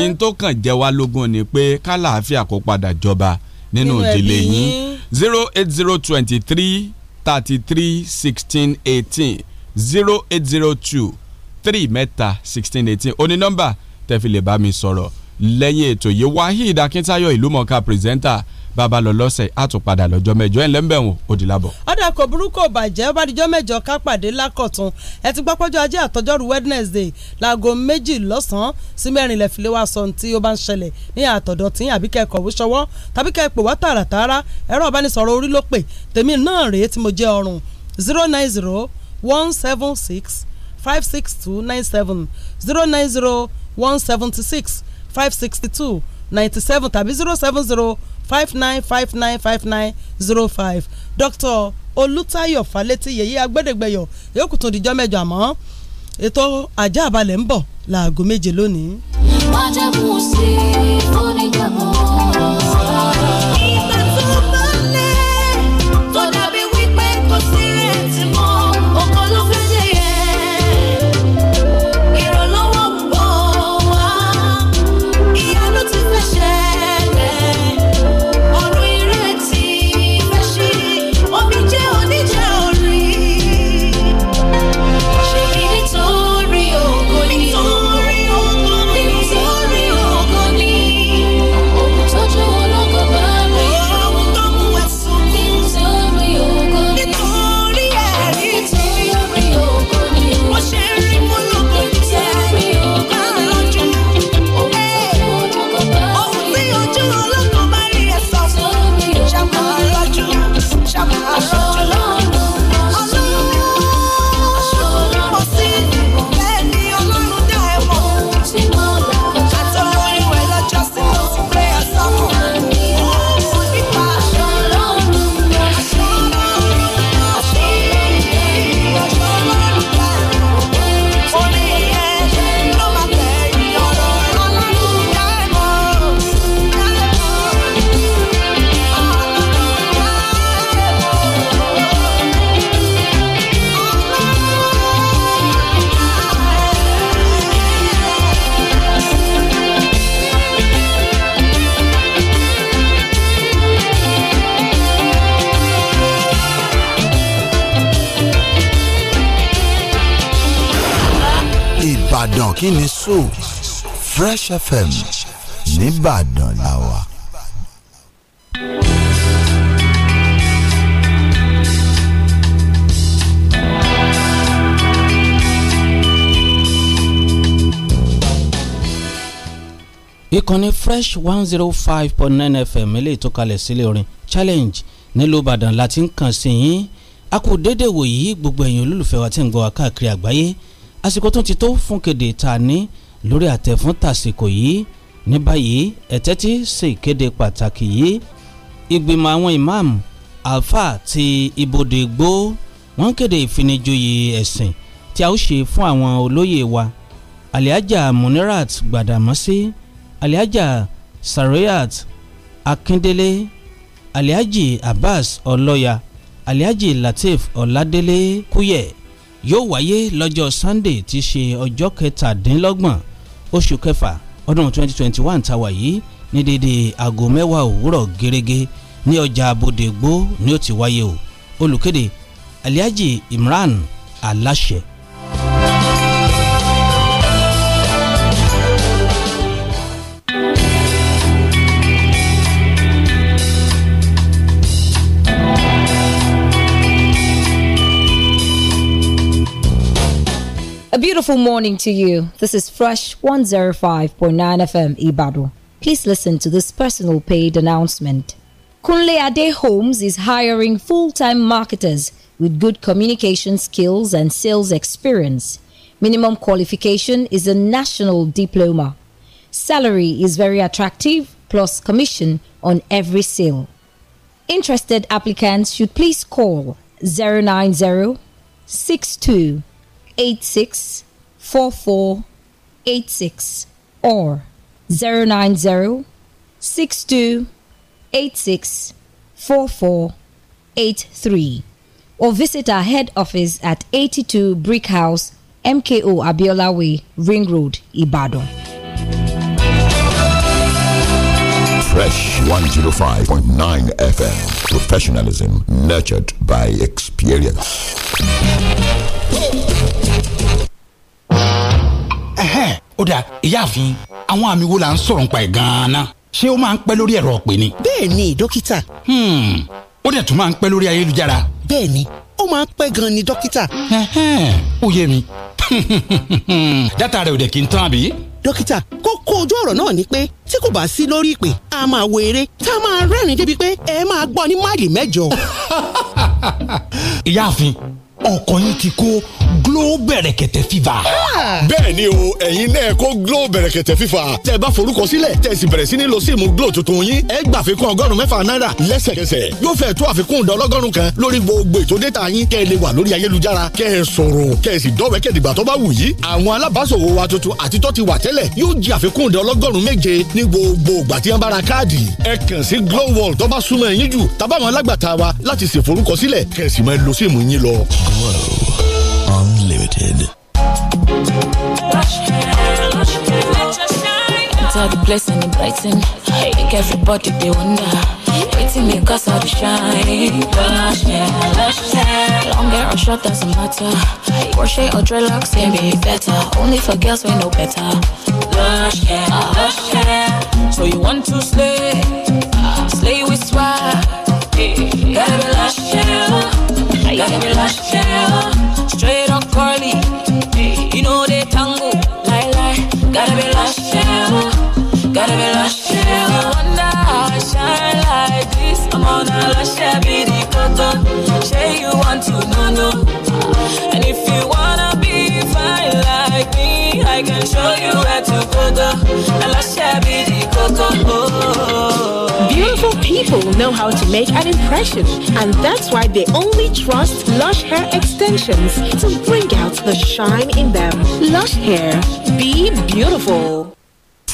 yín tó kàn jẹ́ wá lógún ni pé kálàáfíà kó padà jọba nínú ìdílé yín zero eight zero twenty three thirty three sixteen eighteen zero eight zero two three mẹ́ta sixteen eighteen ó ní nọ́mbà tẹ́ fi lè bá mi sọ̀rọ̀ lẹ́yìn ètò yìí Waheed Akíntáyọ̀ ìlúmọ̀ọ́ká pírẹsẹ́ńtà bàbá lọ lọ́sẹ̀ á tún padà lọ́jọ́ mẹ́jọ ẹ̀ lẹ́m̀bẹ̀ wọn ò di lábọ̀. ọ̀dà kò burúkú ò bàjẹ́ ó bá dijọ́ mẹ́jọ ká pàdé lákọ̀tún ẹ ti gbọ́ pọ́jọ́ ajé àtọ́jọ́rú Wednesday láago méjì lọ́sàn-án sí mẹ́rin lẹ̀ fi lé wa sọ tí ó bá ń ṣẹlẹ̀ ní àtọ̀dọ̀ tí àbí kẹ́ kọ̀wé ṣọwọ́ tàbí kẹ́ wá tààràtààrà ẹ̀rọ ìbánisọ̀rọ̀ orí ló pè tèmi náà rèé tí mo jẹ́ ọrùn zero nine zero one seven six five six two nine seven zero nine zero one seventy six five sixty two ninety seven tàbí zero seven zero five nine five nine five nine zero five Dr. Olùtayọ̀ Fálétí yèyí agbẹ́dẹ́gbẹ́yọ̀ yòókù tó dijọ́ mẹ́jọ àmọ́ ètò ajá àbálẹ̀ ń bọ̀ láago méje lónìí. májẹ̀mú sí fúnni jẹ̀mú. so Fresh FM nìbàdàn la wà. ìkànnì fresh one zero oh five point nine fm eléyìí tó kalẹ̀ sílé orin challenge nílùú ìbàdàn la ti ń kàn sí yín a kò déédéé wòyí gbogbo ẹ̀yin olólùfẹ́ wa tí ń gbọ́ wa káàkiri àgbáyé àsìkò tó ti tó fún kéde ta ní lórí àtẹ̀ fún tàsìkò yìí ní báyìí ẹ̀tẹ́ ti ṣe ìkéde pàtàkì yìí ìgbìmọ̀ àwọn ìmáàmù alfa ti ibodè gbó wọ́n kéde ìfinijoyè ẹ̀sìn tí a ó ṣe fún àwọn olóyè wa aliaja munirat gbadamasi aliaja sarayat akindele aliaji abbas ọlọ́ya aliaji latif ọládélé kúyẹ̀ yóò wáyé lọ́jọ́ Sunday ti ṣe ọjọ́ kẹtàdínlọ́gbọ̀n oṣù kẹfà ọdún 2021 tàwa yìí ní dédé aago mẹ́wàá òwúrọ̀ gẹ́gẹ́ ní ọjà Bodègbó ni ó ti wáyé o olùkéde Alhaji Imran Aláṣẹ A beautiful morning to you. This is Fresh 105.9 FM Ibado. Please listen to this personal paid announcement. Kunle Ade Homes is hiring full-time marketers with good communication skills and sales experience. Minimum qualification is a national diploma. Salary is very attractive plus commission on every sale. Interested applicants should please call 090 62 864486 or 090 or visit our head office at 82 Brick House, MKO Abiola Way, Ring Road, Ibadan. Fresh 105.9 FM. Professionalism nurtured by experience. ó dà ìyáàfin àwọn àmì wo la ń sọ̀rọ̀ nípa ẹ̀ gan-an ná ṣé ó máa ń pẹ́ lórí ẹ̀rọ ọ̀pẹ ni. bẹ́ẹ̀ni dókítà. Hmm, ó dẹ̀ tún máa ń pẹ́ lórí ayélujára. bẹ́ẹ̀ni ó máa ń pẹ́ gan-an ni dókítà. ó yé mi dátà rẹ̀ ò dẹ̀ kí n tán àbí. dókítà kókó ojú ọ̀rọ̀ náà ni pé tí kò bá sí lórí ìpè a máa wo eré tá a máa rẹ́rìn débi pé ẹ máa gbọ́ ní máìlì mẹ́jọ. ìyáàfin ọkọ yín ti kó Glow bẹ̀rẹ̀kẹ̀tẹ̀ fífa. Ah! bẹ́ẹ̀ni o ẹ̀yin náà kó Glow bẹ̀rẹ̀kẹ̀tẹ̀ fífa tẹ́ bá forúkọ sílẹ̀ tẹ́ sì bẹ̀rẹ̀ sí ní lo síìmù Glow tuntun yín ẹ gbà àfikún ọgọ́rùn mẹ́fà náírà lẹ́sẹ̀kẹsẹ̀ yóò fẹ́ tó àfikún ìdá ọlọ́gọ́rùn kan lórí gbogbo ètò déta yín kẹ́ ẹ lè wà lórí ayélujára kẹ́ ẹ sọ̀rọ̀ kẹ́ ẹ sì dọ́wẹ́ kẹ́ dìgbà tó bá wù yí àwọn alábàáṣòwò wa tuntun àti tó ti wà tẹ́lẹ̀ yóò jẹ àfikún ìdá ọlọ́gọ́rùn méje ní gbogbo ìgbà lo Limited. It's all the blessing and blighting. Make everybody they wonder. Waiting me cause all the shine. Lush hair, lush hair. Long hair or short doesn't matter. Crochet or dreadlocks can be better. Only for girls we know better. Lush hair, lush hair. So you want to slay? Ah, slay with swag. Gotta be lush hair. Gotta be lush hair. di kótó. you want to know no? And if you wanna be fine like me, I can show you where to go to. di kótó. Beautiful people know how to make an impression, and that's why they only trust Lush Hair Extensions to bring out the shine in them. Lush Hair, be beautiful.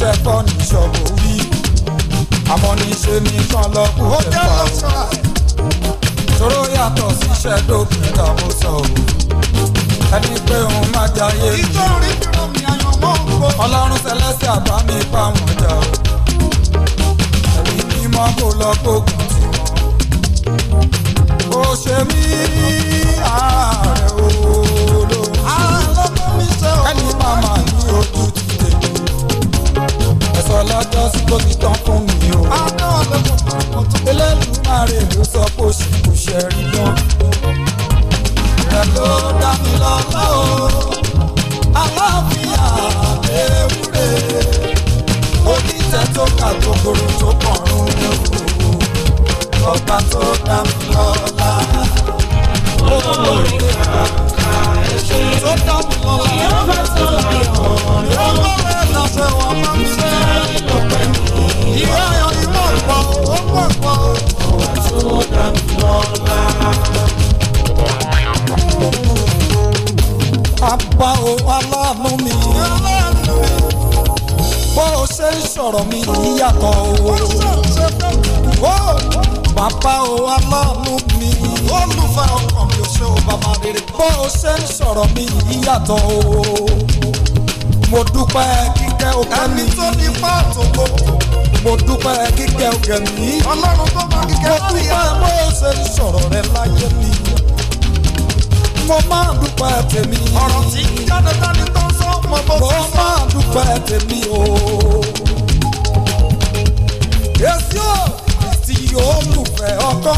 iṣẹ́ kọ́ ní ìṣòro rí àmọ́ ní ṣe nìkan lọ́kùn ẹ̀fà o ṣòro yàtọ̀ síṣẹ́ dókítà mo sọ o ẹni pé òun má jayé mi ọlọ́run sẹlẹ́sì àbá mi pa wọ́n jà o ẹ̀rí mímọ́ kó lọ gbógun tì wọ́n ó ṣe mí ààrẹ olóòtú ẹni máa mà ní ojútùú sọ lọ́jọ́ sí kó ti tán fún mi o. àná ọlọ́kùnrin kan tó Elédùmarè ló sọ pé ó sì kò ṣe rí náà. rẹ̀ ló o aláàfin àbẹ̀wúrẹ́ oníṣẹ́ tó kà tó koro tó kọ̀run lẹ́kọ̀ọ́ ọba tó dá mi lọ́lá. olórí rẹ̀ tó dàbí wọn. Ìyá bá tó dàbí wọn. Ìyá bá rẹ̀ lọ́sẹ̀ wọn máa ń sẹ́. Ìyá yọ ìmọ̀ ìpọ̀ ó pọ̀ pọ̀. Ìwà tó dàbí lọ́la. Apá o oh, aláàánú mi. Aláàánú mi. Bó o ṣe ń sọ̀rọ̀ mi níyàtọ̀ o. Bàbá o aláàánú mi. Olùfẹ́ ọkàn mi ò ṣe o bàbá rere bó o ṣe ń sọ̀rọ̀ mi ìyàtọ̀ o mo dúpẹ́ kíkẹ́ ọkẹ́ mi ẹni tó ní pààtó gbogbo mo dúpẹ́ kíkẹ́ ọkẹ́ mi ọlọ́run tó bá kíkẹ́ lórí ẹ mo dúpẹ́ bó o ṣe ń sọ̀rọ̀ rẹ láyé mi mo máa dúpẹ́ tèmi ọ̀rọ̀ tí jáde dání tó ń sọ mo bó ṣe sọ mo máa dúpẹ́ tèmi o. èsì ò èsì yóò lùfẹ́ ọkọ.